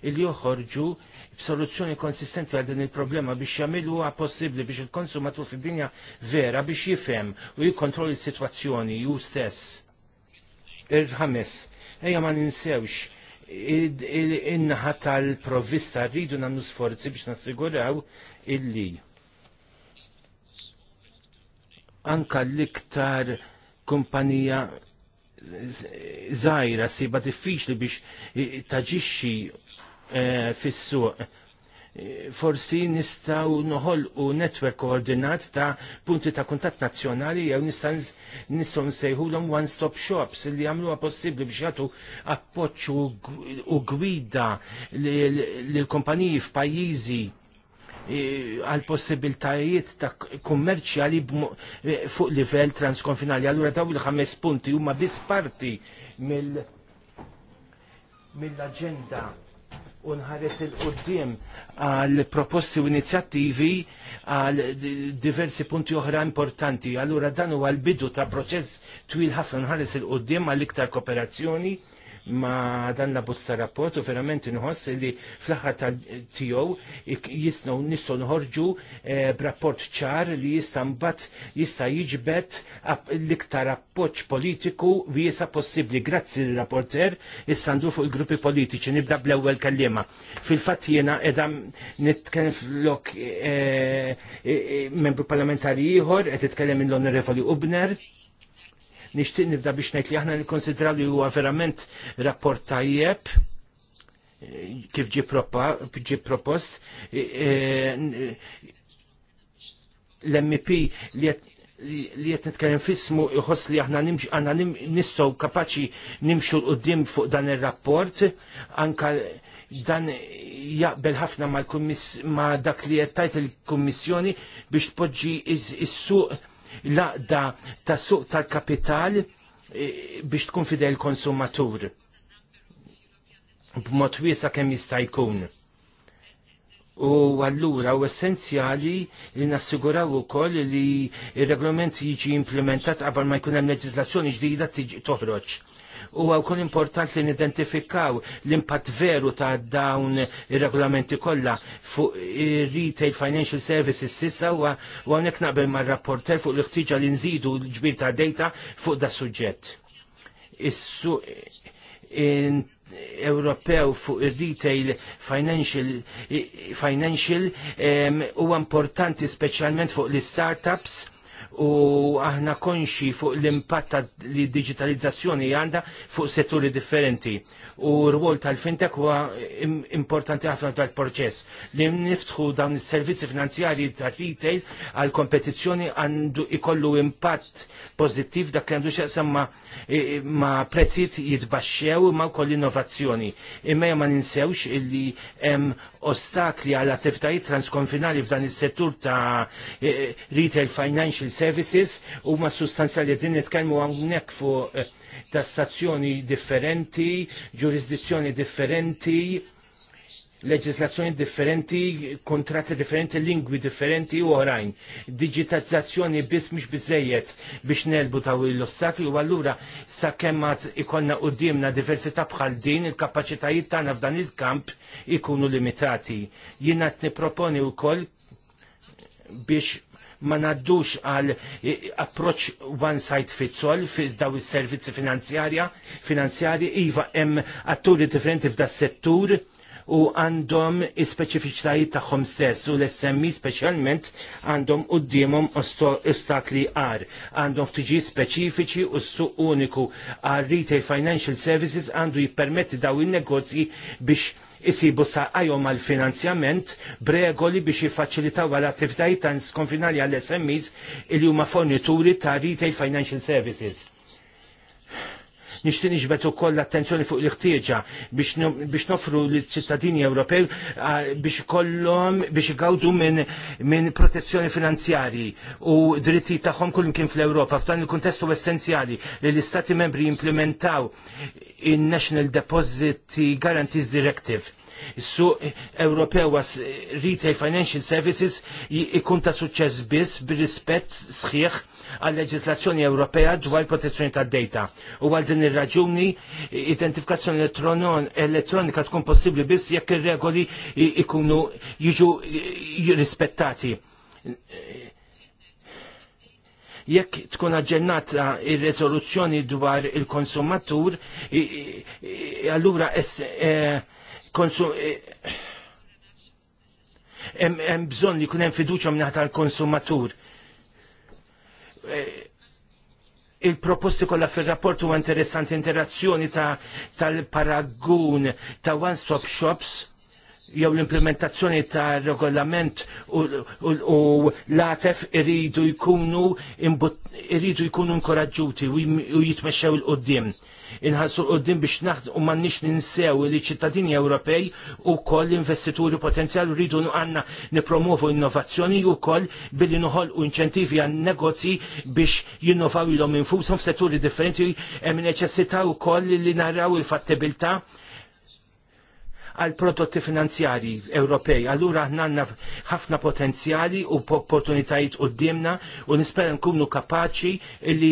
Speaker 2: li joħorġu b'soluzzjoni konsistenti għal din il-problema biex jagħmiluha possibbli biex il-konsumatur fid-dinja vera biex jifhem u jikkontrolli s-sitwazzjoni ju stess. Ir-ħames, ejja ma ninsewx in-naħa tal-provvista rridu nagħmlu sforzi biex nassiguraw illi anka l-iktar kumpanija zaħira siba diffiċli biex taġixxi eh, fis-suq. Forsi nistaw noħol u netwerk koordinat ta' punti ta' kuntat nazzjonali jew nistaw nistaw nsejħulhom one-stop shops li jagħmluha possibbli biex jagħtu appoċċu u gwida lill-kumpaniji f'pajjiżi għal possibiltajiet ta' kummerċjali e, fuq livell transkonfinali. Allura daw il-ħames punti huma biss parti mill-aġenda mill unħares il-qoddim għal proposti u inizjattivi għal diversi punti oħra importanti. Allura dan huwa l-bidu ta' proċess twil ħafna nħares il-qoddim għal iktar kooperazzjoni ma dan la bozza rapport u verament inħoss li fl-aħħar tal-tiegħu jistgħu nistgħu nħorġu eh, b'rapport ċar li jista' mbagħad jista' jiġbed l-iktar appoġġ politiku wiesa possibbli. Grazzi l-rapporter issandu fuq il-gruppi politiċi nibda bl-ewwel kellima. Fil-fatt jiena qiegħda nitkellem flok eh, eh, membru parlamentari ieħor qed titkellem mill-Onorevoli Ubner nixtieq nibda biex ngħid li aħna nikkonsidraw li huwa verament rapport tajjeb kif ġi propost e, e, l-MP li li jett nitkellem fismu jħoss li aħna għanna nistgħu kapaċi nimxu l qoddim fuq dan ir-rapport anka dan jaqbel ħafna ma' dak li qed tajt il-Kummissjoni biex tpoġġi is-suq laqda ta' suq tal-kapital e, biex tkun fidel konsumatur b'mod wiesa kemm jista' jkun. U allura u essenzjali li nassiguraw ukoll li r-reglament jiġi implementat qabel ma jkun hemm leġiżlazzjoni ġdida tiġi toħroġ. U għawkun important li nidentifikaw l-impatt veru ta' dawn il-regolamenti kollha fuq retail financial services sissa u għonek naqbel ma' rapporter fuq l-ħtiġa li nżidu l-ġbir ta' data fuq da' suġġett. Issu Ewropew fuq il-retail financial, financial um, u importanti specialment fuq l-startups u aħna konxi fuq l-impatt li digitalizzazzjoni għandha fuq setturi differenti. U r-wol tal fintek huwa importanti ħafna tal-proċess li niftħu dawn is-servizzi finanzjarji tal retail għal kompetizzjoni għandu ikollu impatt pożittiv dak li għandu xaqsam ma, e, ma jitbaxxew ma wkoll innovazzjoni. Imma ma ninsewx illi hemm ostakli għal attivitajiet transkonfinali f'dan is-settur ta' e, retail financial services huma sustanzjali din nitkellmu hawnhekk fuq eh, tassazzjoni differenti, ġurisdizzjoni differenti, leġislazzjoni differenti, kontratti differenti, lingwi differenti u oħrajn. Digitalizzazzjoni biss mhux biżejjed biex nelbu taw l-ostakli u allura sakemm mat ikollna qudiemna diversità bħal din il-kapaċitajiet tagħna f'dan il-kamp ikunu limitati. Jiena qed nipproponi wkoll biex ma naddux għal eh, approċ one side fits all fi daw is-servizzi finanzjarja finanzjarji iva hemm atturi differenti f'da settur u għandhom il-speċifiċtajiet tagħhom stess u l-SMI e speċjalment għandhom qudiemhom ostakli għar. Għandhom ftiġi speċifiċi u s-suq uniku għal retail financial services għandu jippermetti daw in-negozji biex isibu saqajhom għal finanzjament b'regoli biex jiffaċilitaw għal attivitajiet transkonfinali għall SMEs il huma fornituri ta' retail financial services nixtieq niġbet ukoll l-attenzjoni fuq l-ħtieġa biex nofru l-ċittadini Ewropew biex kollom biex igawdu minn protezzjoni finanzjari u dritti tagħhom kullimkien fl-Ewropa f'dan il kontestu essenzjali li l-Istati membri jimplementaw in-National Deposit Guarantees Directive Is-suq Ewropew għas Retail Financial Services ikun ta' suċċess biss bir-rispett sħiħ għal leġislazzjoni Ewropea dwar protezzjoni tad data. U għal din ir-raġuni identifikazzjoni elettronika tkun possibbli biss jekk ir-regoli ikunu jiġu rispettati jekk tkun aġġennata ir-rezoluzzjoni dwar il-konsumatur, allura eh, konsum eh, hemm bżonn li jkun hemm fiduċja minn tal-konsumatur. Eh, il-proposti kollha fir-rapport huwa interessanti interazzjoni tal-paragun ta' one-stop shops jew l-implementazzjoni ta' regolament u l-atef iridu jkunu iridu jkunu inkoraġġuti u jitmexxew il-qoddim inħassu l biex naħd u mannix ninsew li ċittadini Ewropej u koll investituri potenzjali rridu għanna nipromovu innovazzjoni u koll billi noħol u inċentivi għan negozji biex jinnovaw il-om infusom f'setturi differenti hemm neċessità u koll li naraw il-fattibilta' għal prodotti finanzjari Ewropej. Allura għanna ħafna potenzjali u opportunitajiet u d-dimna u nispera nkunu kapaċi illi,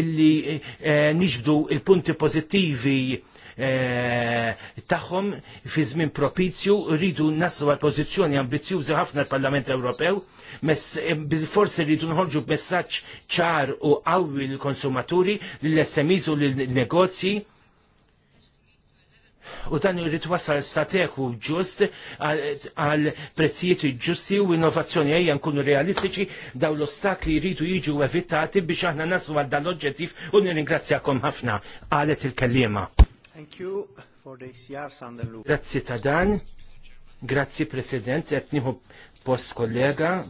Speaker 2: illi eh, nixbdu il-punti pozittivi eh, tagħhom fi żmien propizju rridu naslu għal pożizzjoni ambizjużi ħafna l-Parlament Ewropew, eh, forsi rridu nħorġu messaġġ ċar u qawwi lill konsumaturi lill smis u l negozji u dan irrid wasal stateku ġust għal prezzijiet ġusti u innovazzjoni ejja nkunu realistiċi daw l-ostakli jridu jiġu evitati biex aħna naslu għal dan l-oġġettiv u nirringrazzjakom ħafna għalet il-kellima. Thank you for the CR Grazzi ta' dan, grazzi President, etniħu post kollega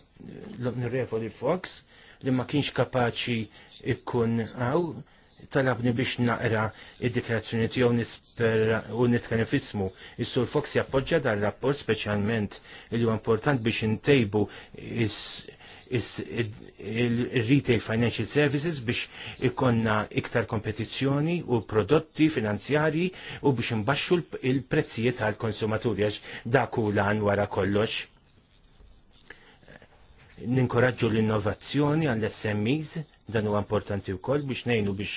Speaker 2: l-Onorevoli Fox li ma kienx kapaċi ikkun għaw talabni biex naqra id-dikrazzjoni tiegħu nisper u nitkellem fismu. Is-Sur Fox jappoġġja dan rapport speċjalment li huwa important biex intejbu il-retail financial services biex ikonna iktar kompetizzjoni u prodotti finanzjari u biex imbaxxu il-prezzijiet tal konsumaturi għax dak u lan wara kollox. Ninkoraġġu l-innovazzjoni għall-SMEs Dan huwa importanti wkoll biex ngħinu biex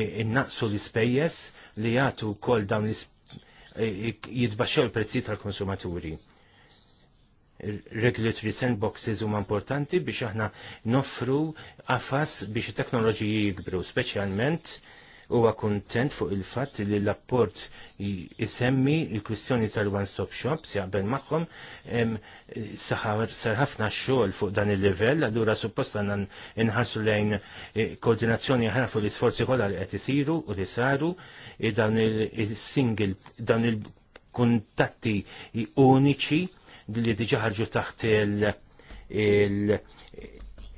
Speaker 2: e, innaqsu l-ispejjeż li jagħtu wkoll dawn e, e, jitbaxxew il-prezzi tal-konsumaturi. Regulatory sandboxes huma importanti biex aħna noffru qafas biex it-teknoloġiji jikbru, speċjalment huwa kuntent fuq il-fatt li l-apport isemmi il-kwistjoni tal-one stop shop si jaqbel magħhom sar ħafna xogħol fuq dan il-livell, allura suppost għandna inħarsu lejn eh, koordinazzjoni ħafna fuq l-isforzi kollha li qed isiru u li saru dan il-single dan il-kuntatti uniċi li diġaħarġu ħarġu taħt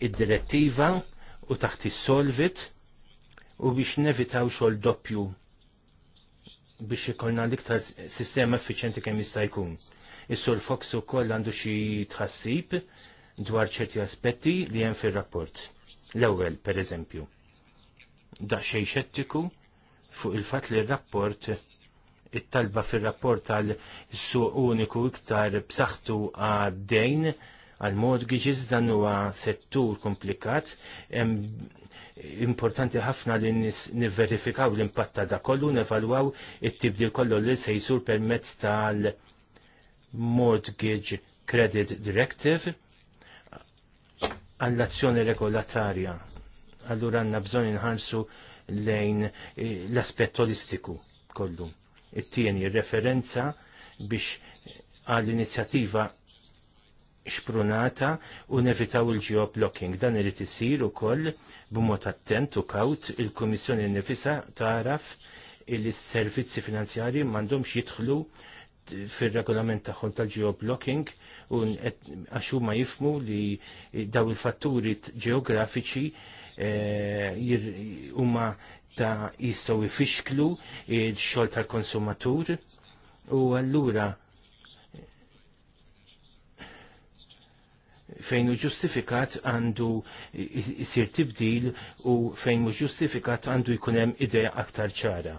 Speaker 2: il-direttiva u taħt is-solvit u biex nevitaw xogħol doppju biex ikollna l-iktar sistema effiċenti kemm jista' jkun. Is-sur Fox ukoll għandu xi tħassib dwar ċerti aspetti li hemm fir-rapport. L-ewwel, pereżempju, daqsxejn xettiku fuq il-fatt li r-rapport it-talba fir-rapport għal suq uniku iktar b'saħħtu għad-dejn għal mortgages dan huwa settur komplikat, importanti ħafna li niverifikaw l-impatt ta' da kollu, nevalwaw it-tibdil kollu li se jisur permezz tal-Mortgage Credit Directive għall-azzjoni regolatarja. Allura għanna bżon inħarsu lejn eh, l-aspett holistiku kollu. It-tieni referenza biex għall-inizjattiva xprunata u nevitaw il-geoblocking. Dan irid isir ukoll b'mod attent u kaut il-Kummissjoni nefisa taraf il-servizzi finanzjarji m'għandhomx jidħlu fil-regolament tagħhom tal-geoblocking u għaxu ma jifmu li daw il-fatturi ġeografiċi eh, huma ta' jistgħu ifixklu il-xogħol tal-konsumatur u allura fejn u ġustifikat għandu jisir tibdil u fejn u ġustifikat għandu jkunem idea aktar ċara.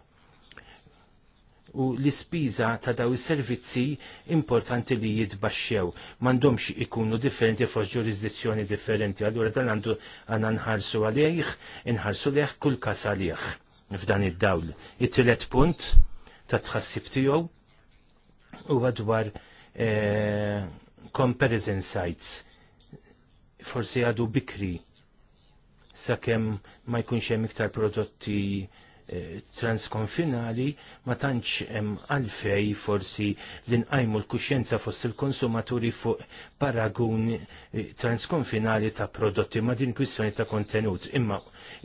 Speaker 2: U l-ispiża ta' daw is-servizzi importanti li jitbaxxew m'għandhomx ikunu differenti fuq ġurisdizzjoni differenti, allura dan għandu għandna nħarsu għalih, inħarsu leħ kull kas għalih f'dan id-dawl. It-tielet punt ta' tħassib tiegħu huwa dwar eh, comparison sites forsi għadu bikri sakemm ma jkunx hemm iktar prodotti eh, transkonfinali ma tantx hemm għalfej forsi li nqajmu l-kuxjenza fost il-konsumaturi fuq paragun eh, transkonfinali ta' prodotti ma din kwistjoni ta' kontenut. Imma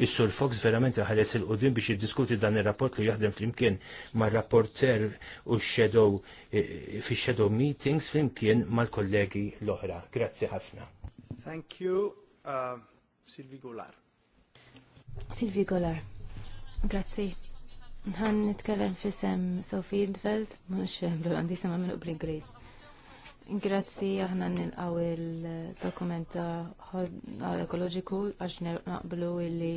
Speaker 2: is-Sur Fox verament ħares il-qudiem biex jiddiskuti dan ir-rapport li jaħdem flimkien ma' rapporter u shadow eh, fi shadow meetings flimkien mal-kollegi l-oħra. Grazzi ħafna. Thank you. Uh, Silvi Golar.
Speaker 1: Silvi Golar. grazie. Nħan nitkellem fisem Sophie Indveld, mux l sema minn bl ingliż Grazzi aħna nilqaw il-dokumenta ekoloġiku għax naqblu illi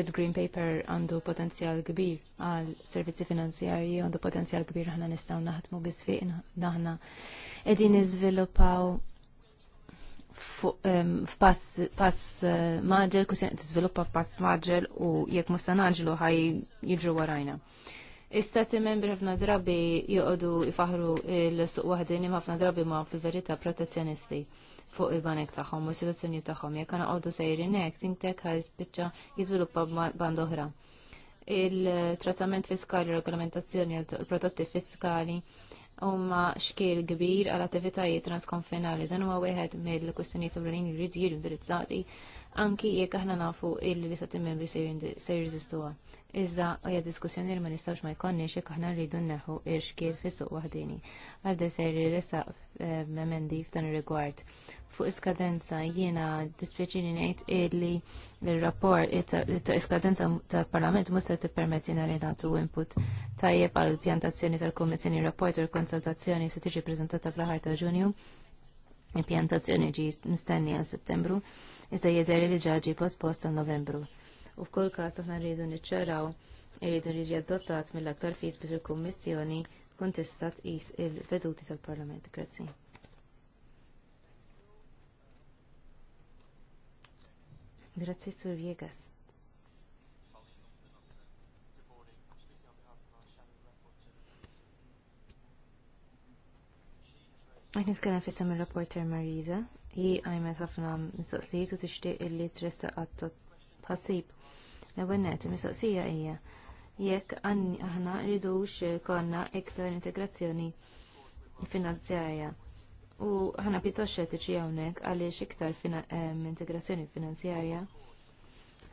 Speaker 1: Ed Green Paper għandu potenzjal kbir għal servizzi finanzjarji, għandu potenzjal kbir għahna nistaw naħatmu bisfiq naħna edin niżviluppaw f'pass eh, maġel, kusin t-izviluppa f'pass maġel u jekk naġlu ħaj jidru warajna. Istati membri ħafna drabi joqodu ifaħru l-suq wahdini ħafna drabi ma fil-verita protezzjonisti fuq il-banek tagħhom u s-soluzzjoni tagħhom. Jekk għana għoddu sejri nek, tintek ħaj spiċċa jiżviluppa band oħra. Il-trattament fiskali, regolamentazzjoni għal prodotti fiskali, huma xkil kbir għal attivitajiet transkonfinali. Dan huwa wieħed mill-kwistjonijiet ewlenin li jridu jiġu indirizzati anki jek aħna nafu illi li sati membri se jirżistuha. Iżda hija diskussjoni li ma nistgħux ma jkollniex jekk aħna rridu nneħħu irxkiel fis-suq waħdini. Għal deser resaq memendi eh, f'dan ir-rigward. Fuq iskadenza jiena dispieċini ngħid illi l-rapport ta' iskadenza tal parlament mhux se tippermettina li nagħtu input tajjeb għall pjantazzjoni tal-Kummissjoni rapport u l-konsultazzjoni se tiġi prezentata fl-aħħar ta' Ġunju il-pjantazzjoni ġi nistenni għal settembru iżda jidher li ġaġi pospost ta' Novembru. U f'kull każ aħna rridu niċċaraw irridu jiġi adottat mill-aktar fis biex il-Kummissjoni tkun tista' tqis il-veduti tal-Parlament. Grazzi. Grazzi Sur Viegas. Għet nitkellem fissam il-rapporter Marisa hi għajmet ħafna mistoqsijiet u tixtieq illi tressa għatta tħassib. L-ewwel net, mistoqsija hija jekk aħna rridux konna iktar integrazzjoni finanzjarja. U aħna pjuttost xettiċi hawnhekk għaliex iktar integrazzjoni finanzjarja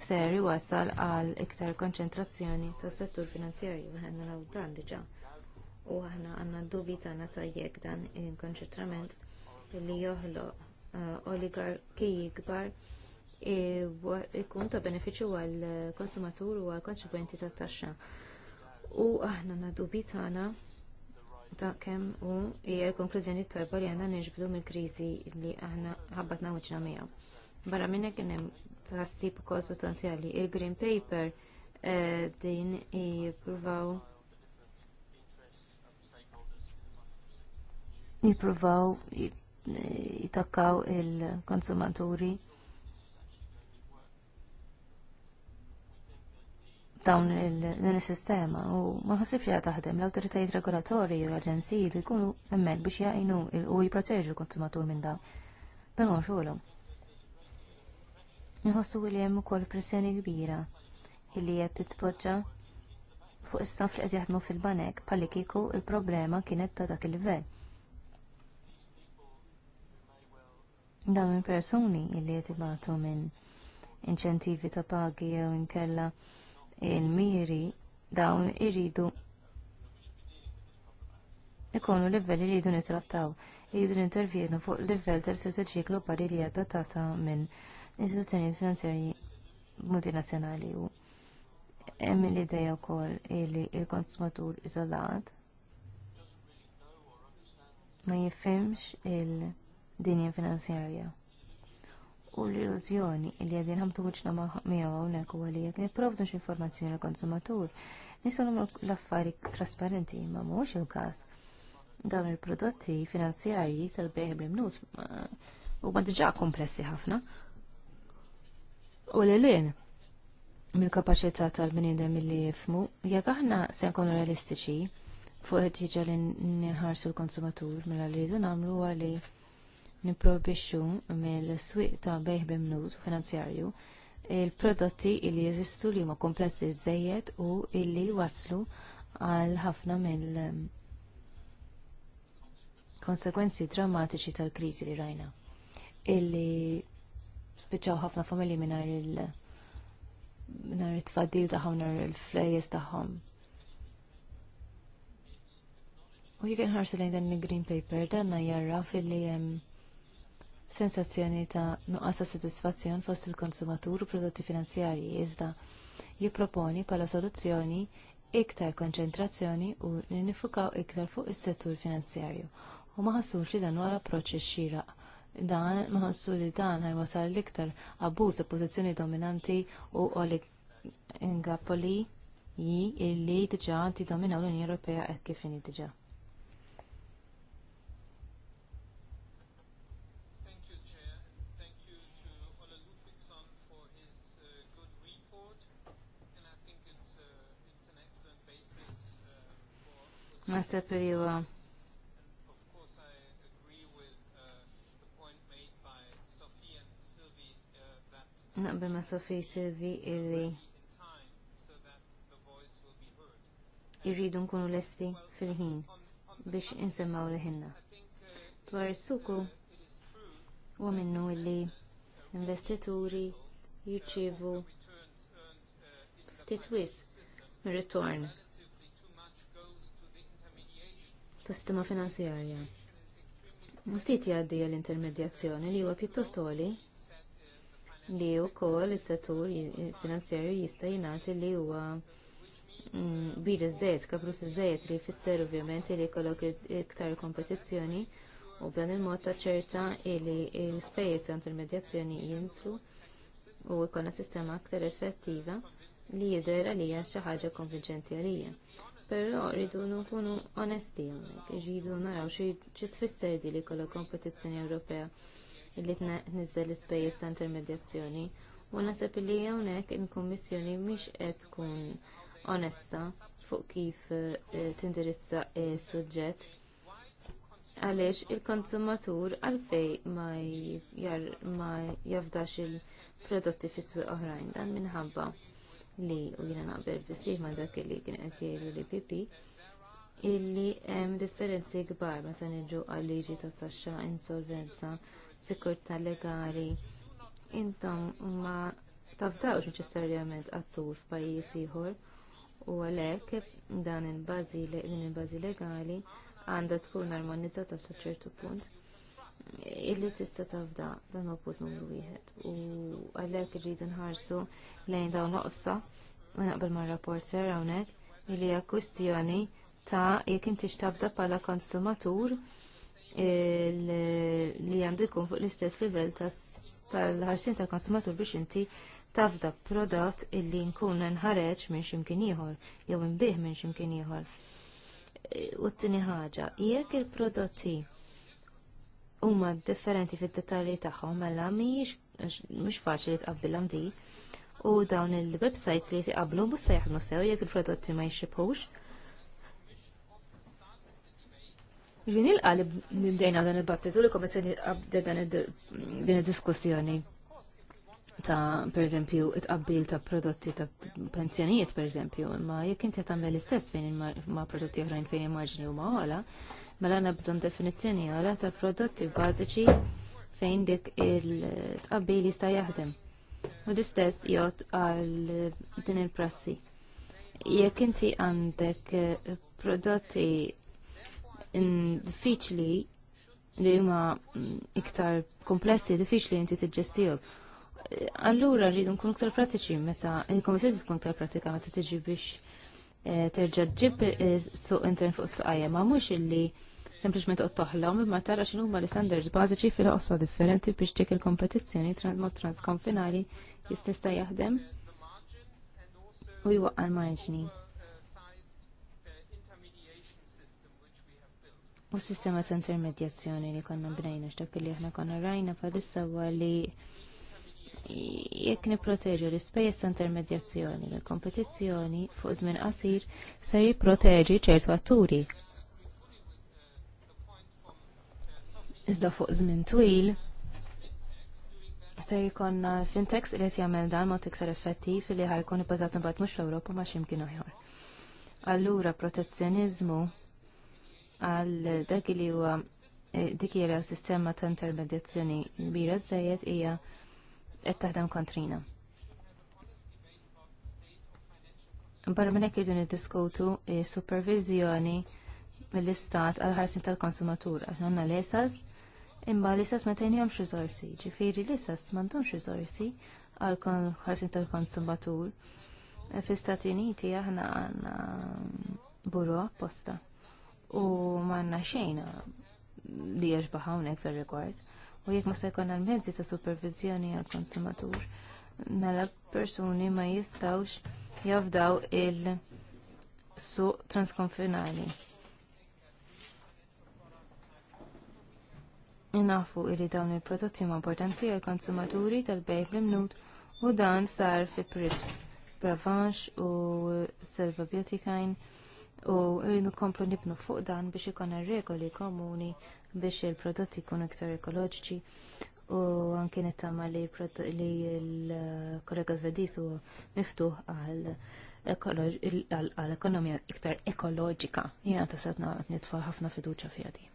Speaker 1: ser iwassal għal iktar konċentrazzjoni tas settur finanzjarju aħna naraw dan diġà. U aħna għandna d tagħna ta' jekk dan il-konċentrament li joħloq Eh, oligarkiji kbar ikun ta' benefiċċju għall konsumatur u għall kontribwenti tat taxxa. U aħna nadu bitana ta' kemm hu jgħal l-konklużjoni tajba li għandna niġbdu mill-kriżi li aħna ħabbatna wiċċna miegħu. Barra minn hekk kien hemm tħassib sostanzjali. Il-Green Paper eh, din jippruvaw jippruvaw jitakkaw il-konsumaturi. dawn din is-sistema u ma ħossibx li taħdem l-awtoritajiet regolatorji u l-aġenziji li jkunu hemmhekk biex jaqinu u jipproteġu l-konsumatur minn dawn. Dan huwa xogħolhom. Nħossu li hemm ukoll pressjoni kbira illi qed titpoġġa fuq is-saf li qed jaħdmu fil-banek bħalli kieku l problema kienet ta' dak il-livell. dawn il-persuni illi qed ibatu minn inċentivi ta' pagi jew inkella il-miri dawn iridu ikonu livelli li jridu nitrattaw, iridu nintervjenu fuq livell ta' strategi globali li adattata minn istituzzjonijiet finanzjarji multinazzjonali u hemm l-idea wkoll li l-konsumatur iżolat ma jifhimx il- dinja finanzjarja. U l-illużjoni li għadin ħamtu wiċna miegħu hawnhekk huwa li jekk x informazzjoni l-konsumatur, nistgħu nagħmlu l-affari trasparenti ma mhuwiex il-każ. Dawn il-prodotti finanzjarji tal-bejħ u huma diġà komplessi ħafna. U l-lin mill-kapaċità tal-bniedem li jifmu, jekk aħna se nkunu realistiċi fuq qed jiġa li nħarsu l-konsumatur mill mela li rridu nagħmlu għali niprobixxu mill-swieq ta' bejħ bimnut finanzjarju il-prodotti li jeżistu li huma komplessi żejjed u illi waslu għal ħafna mill mm, konsekwenzi drammatiċi tal-kriżi li rajna illi spiċċaw ħafna familji mingħajr il it-tfaddil tagħhom nhar il-flejjes tagħhom. U jien ħarsu lejn dan il-green paper dan jarraf illi mm, sensazzjoni ta' nuqqas ta' sodisfazzjon fost il-konsumatur u prodotti finanzjarji iżda jipproponi bħala soluzzjoni iktar konċentrazzjoni u li iktar fuq is-settur finanzjarju. U ma li dan huwa l-approċċ xieraq. Dan ma li dan ħajwasal l-iktar abbuż ta' pożizzjoni dominanti u oligopoli li diġà tiddominaw l-Unjoni Ewropea hekk kif inhi diġà. Nasab li huwa ma' Sofi Silvi illi irridu nkunu lesti fil-ħin biex insemmaw liħinna. Dwar is-suku huwa minnu illi investituri jirċievu ftit wisq mir-ritorn ta' sistema finanzjarja. Ftit jgħaddi l-intermedjazzjoni li huwa pjuttost għoli li wkoll is settur finanzjarju jista' jingħati li huwa mm, bir iż-żejt, kapru iż-żejt li jfisser ovvjament li jkollok iktar kompetizzjoni u b'dan il-mod ta' ċerta li l ta' intermedjazzjoni jinsu u jkollna sistema aktar effettiva li jidher għalija xi ħaġa konvinċenti għalija però rridu nkunu onesti hawnhekk, rridu naraw xi tfisser di li kollha kompetizzjoni Ewropea li tniżel l-ispejjeż ta' intermedjazzjoni. U naħseb li hawnhekk il-Kummissjoni mhix qed tkun onesta fuq kif eh, tindirizza s-suġġett. Għaliex il-konsumatur għalfejn ma jafdax il-prodotti fis-swieq oħrajn dan minħabba li u jiena naqbel fis ma' dak li kien qed jgħidu li pipi illi hemm differenzi kbar meta niġu għal liġi ta' taxxa insolvenza, sikurtà legali. Intom ma tafdawx neċessarjament għattur f'pajjiż ieħor u għalhekk dan il-bażi din il-bażi legali għandha tkun armonizzata f'ċertu punt illi tista tafda dan u put numru wieħed u għallek irridu nħarsu lejn dawn l-oqsa u naqbel ma' rapporter hawnhekk illi hija kwistjoni ta' jekk inti tafda bħala konsumatur li għandu jkun fuq l-istess livell tal ħarsien ta' konsumatur biex inti tafda prodott illi nkun nħareġ minn ximkien ieħor jew inbih minn ximkien ieħor. U t-tieni ħaġa, jekk il-prodotti huma differenti fid-dettalji tagħhom mela mhijiex mhux faċli tqabbilhom di u dawn il-websites li tiqablu mhux se jaħdmu sew jekk il-prodotti ma jxibħux. Ġin ilqa li bdejna dan il-battitu li komissjoni qabdet din id-diskussjoni ta' per eżempju it-qabbil ta' prodotti ta' pensjonijiet per eżempju, imma jekk inti tagħmel l-istess fejn ma' prodotti oħrajn fejn immaġni huma ħola, mela għandna bżonn definizzjoni għala ta' prodotti bażiċi fejn dik il-tqabbil jista' jaħdem. U l-istess jgħod għal din il-prassi. Jekk inti għandek eh, prodotti diffiċli li huma mm, iktar komplessi diffiċli inti tiġġestihom. Eh, allura rridu nkunu iktar pratiċi meta il-Komissjoni tkun iktar pratika meta tiġi biex eh, terġa' ġib suq intern fuq saqajja ma mhux illi sempliċement qed toħlom imma tara x'inhu huma l-standards bażiċi fil-qosma differenti biex dik il-kompetizzjoni mod transkonfinali jista' jaħdem u l marġni. U s-sistema ta' intermedjazzjoni li konna bnejna x'dak li aħna konna rajna bħalissa huwa li jekk nipproteġu l-ispejjeż ta' intermedjazzjoni mill kompetizzjoni fuq żmien qasir se jipproteġi ċertu atturi Iżda fuq żmien twil, se jkollna fintex li qed jagħmel dan mod iktar effettiv li ħajkun ibbażat imbagħad mhux l-Ewropa ma' x'imkien oħjar. Allura protezzjoniżmu għal dak li huwa eh, dik hija sistema ta' intermedjazzjoni kbira żejjed hija qed taħdem kontrina. Barra minn hekk jiġu niddiskutu supervizjoni mill-istat għal ħarsin tal-konsumatur għax għandna l-esas imma l sas ma tajnijom xizorsi, ġifiri l-istess mandom xizorsi għal ħarsin tal-konsumatur. Fi-Stati Uniti aħna għanna buru apposta u manna xejn li jaxbaħ hawnhekk fir-rigward. U jekk ma se jkollna l-mezzi ta' supervizjoni għall konsumatur mela persuni ma jistawx jafdaw il-suq transkonfinali. Nafu li dawn il-prodotti huma importanti għall konsumaturi tal bejħ bl u dan sar fi prips bravanx u selvabiotikajn u rridu komplu nibnu fuq dan biex ikona regoli komuni biex il-prodotti jkunu iktar ekoloġiċi u anke nittama li l-kollega Svedis u miftuħ għal għal-ekonomija iktar ekoloġika. Jena tasabna nitfa ħafna fiduċa fija di.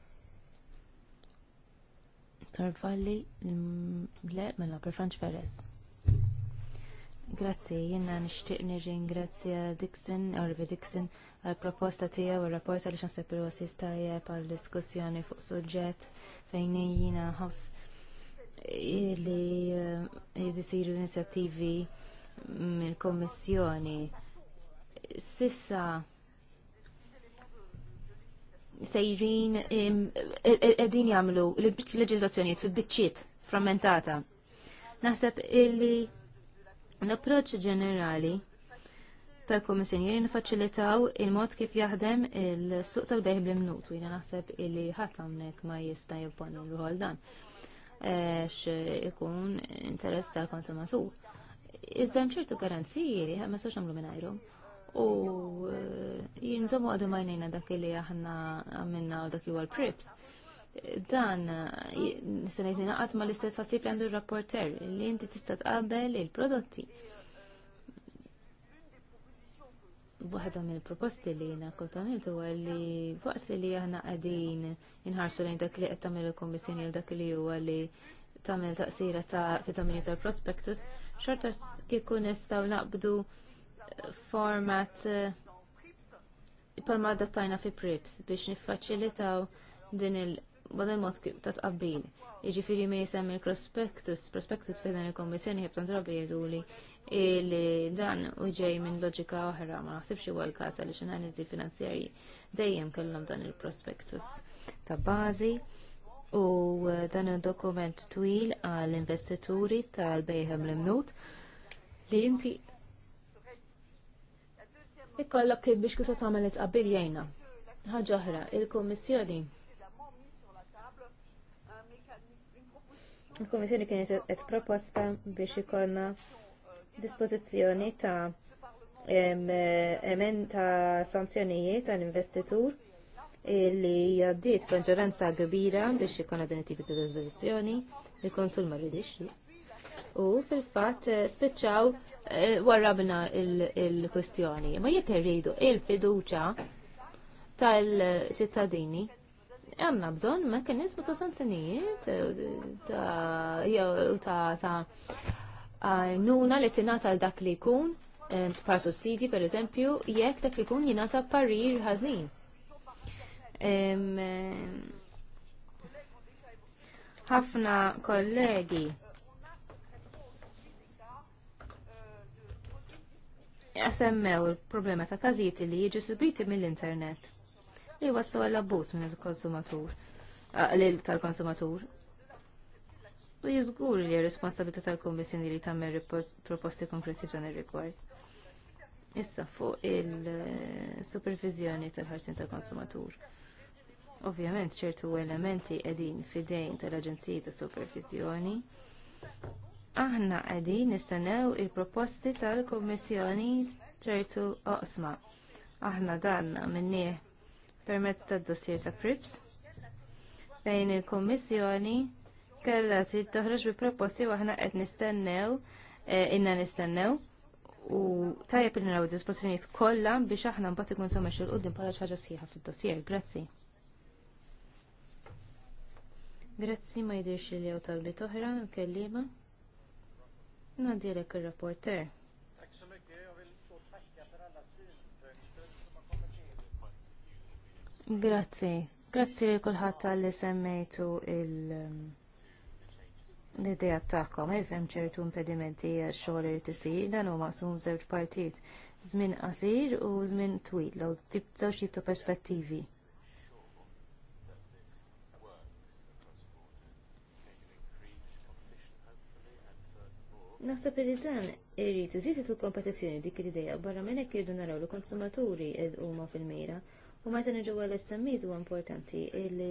Speaker 1: Dr. Valli, mm, le, mela, per Franċ Ferres. Grazzi, jenna nishtiq nirin nirringrazzja Dixon, Oliver Dixon, għal-proposta tiegħu u rapport għal xansep il wasista tajjeb għal-diskussjoni fuq suġġet fejn jina ħoss li eh, jizisiru inizjattivi mill-Kommissjoni. Sissa, sejrin e, e, edin jamlu l-leġizlazzjoniet fi bitċiet frammentata. Naħseb illi l-approċ ġenerali tal-Komissjoni jiri nfaċilitaw il-mod kif jaħdem il-suq tal-bejħ bl-imnut, jina naħseb illi ħadd hawnhekk ma jista' jimponi ruħol dan għax ikun interess tal-konsumatur. Iżda mċertu garanziji li s sox nagħmlu minn u eh, jinżomu għadu majnina dak li aħna għamilna u dak li għal prips. Dan, eh, nistanajt naqat ma l-istess għasib għandu għandu rapporter li inti tista tqabel il-prodotti. Waħda mill proposti li jina kont għamiltu li waqt li aħna qegħdin inħarsu lejn dak li qed tagħmel il-kommissjoni u dak li huwa li tagħmel taqsira ta' fit tal-prospectus, xorta kieku nistgħu naqbdu format eh, palma dattajna fi prips biex niffaċilitaw din il il mod ta' tqabbil. Jiġifieri me jisem il-prospectus, prospectus fi dan il-kommissjoni ħibta drabi jidu li dan u ġej minn loġika oħra ma naħsibx huwa l-każ għaliex analiżi finanzjarji dejjem kellhom dan il-prospectus ta' bażi u eh, dan il-dokument twil għal investituri tal-bejħem l-imnut li inti ikollok kif biex kisa tagħmel itqabbil jgħinha. Ħaġa oħra, il-Kummissjoni Il-Kummissjoni kienet qed proposta biex ikollna dispożizzjoni ta' emen ta' sanzjonijiet tal-investitur li jaddiet maġġoranza kbira biex ikun din it-tipi ta' dispożizzjoni, il-konsul ma rridix u fil-fat eh, spiċċaw eh, warrabna il-kustjoni. Ma jekk irridu il-fiduċa tal-ċittadini, għamna bżon mekanizmu ta' sanzjonijiet ta' nuna li tinata dak li kun par eh, sussidi per eżempju jekk dak li kun jinata parir ħażin ħafna kollegi jasemmew il-problema ta' każijiet li jiġi subiti mill-internet li wastu għall-abbuż minn il-konsumatur tal-konsumatur. U jizgur li responsabilità tal-Kommissjoni li tagħmel proposti konkreti f'dan ir-rigward. Issa fuq il-supervizjoni tal-ħarsin tal-konsumatur. Ovvjament ċertu elementi qegħdin fidejn tal-Aġenziji ta' Supervizjoni aħna qegħdin nistennew il-proposti tal-Kummissjoni ċertu oqsma. Aħna dan minnieh permezz tad-dossier ta' Prips fejn il-Kummissjoni kellha trid toħroġ bi proposti u aħna qed nistennew eh, inna nistennew u tajjeb li naraw dispożizzjonijiet kollha biex aħna mbagħad ikun sommex il qudiem bħala xi ħaġa sħiħa fid-dossier. Grazzi. Grazzi ma jidirx li jew tablet oħra u kelliema. Nadilek il-rapporter. Grazzi. Grazzi li kullħat li semmejtu um, l-idea tagħkom. Ifhem ċertu impedimenti għax xogħol li tisir dan u maqsum żewġ partit. Żmien qasir u żmien twil, law tip żewġ tip perspettivi. Naħseb li dan irrid iżid il-kompetizzjoni dik l-idea barra minn hekk jridu naraw li konsumaturi huma fil-mejra u meta niġu għal SMEs huwa importanti li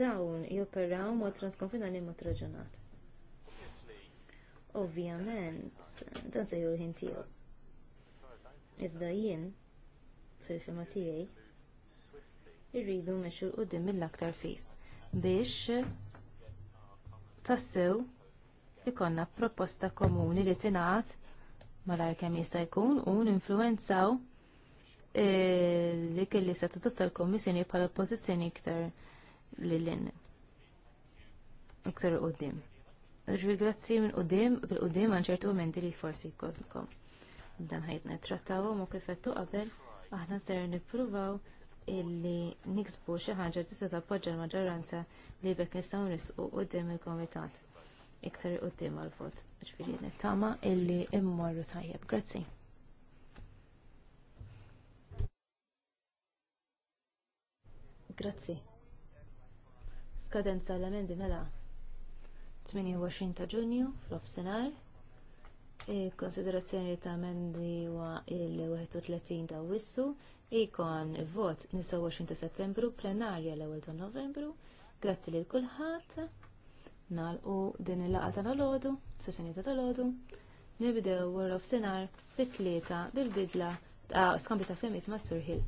Speaker 1: dawn joperaw mod transkonfinali mod raġunat. Ovvjament, dan se l ħin tiegħu. Iżda jien fil-fema tiegħi irridu mexxu qudiem mill-aktar fis biex tassew ikonna proposta komuni li tingħat malar kemm jista' jkun u ninfluwenzaw e, li kelli se tutta l-Kommissjoni bħala pożizzjoni iktar lil-lin iktar qudiem. Ġvi grazzi minn qudiem bil-qudiem għal ċertu mumenti li forsi jkollkom. Dan ħajt nittrattawhom u kif qed qabel aħna ser nippruvaw illi niksbu xi ħaġa tista' tappoġġa l-maġġoranza li bekk nistgħu nisqu quddiem il-Komitat iktar iqoddim għal-vot. Ġifiri nittama illi immorru tajjeb. Grazzi. Grazzi. Skadenza l-emendi mela 28 ta' ġunju fl-ofsenar. Konsiderazzjoni ta' amendi wa il-31 ta' wissu. Ikon vot 29 ta' settembru, plenarja l-1 ta' novembru. Grazzi lil kulħadd nalqu din il-laqa tal-ħodu, sessjoni tal-ħodu, nibdew World of Senar fit-tlieta bil-bidla ta' skambi ta' femmit ma' Surhil.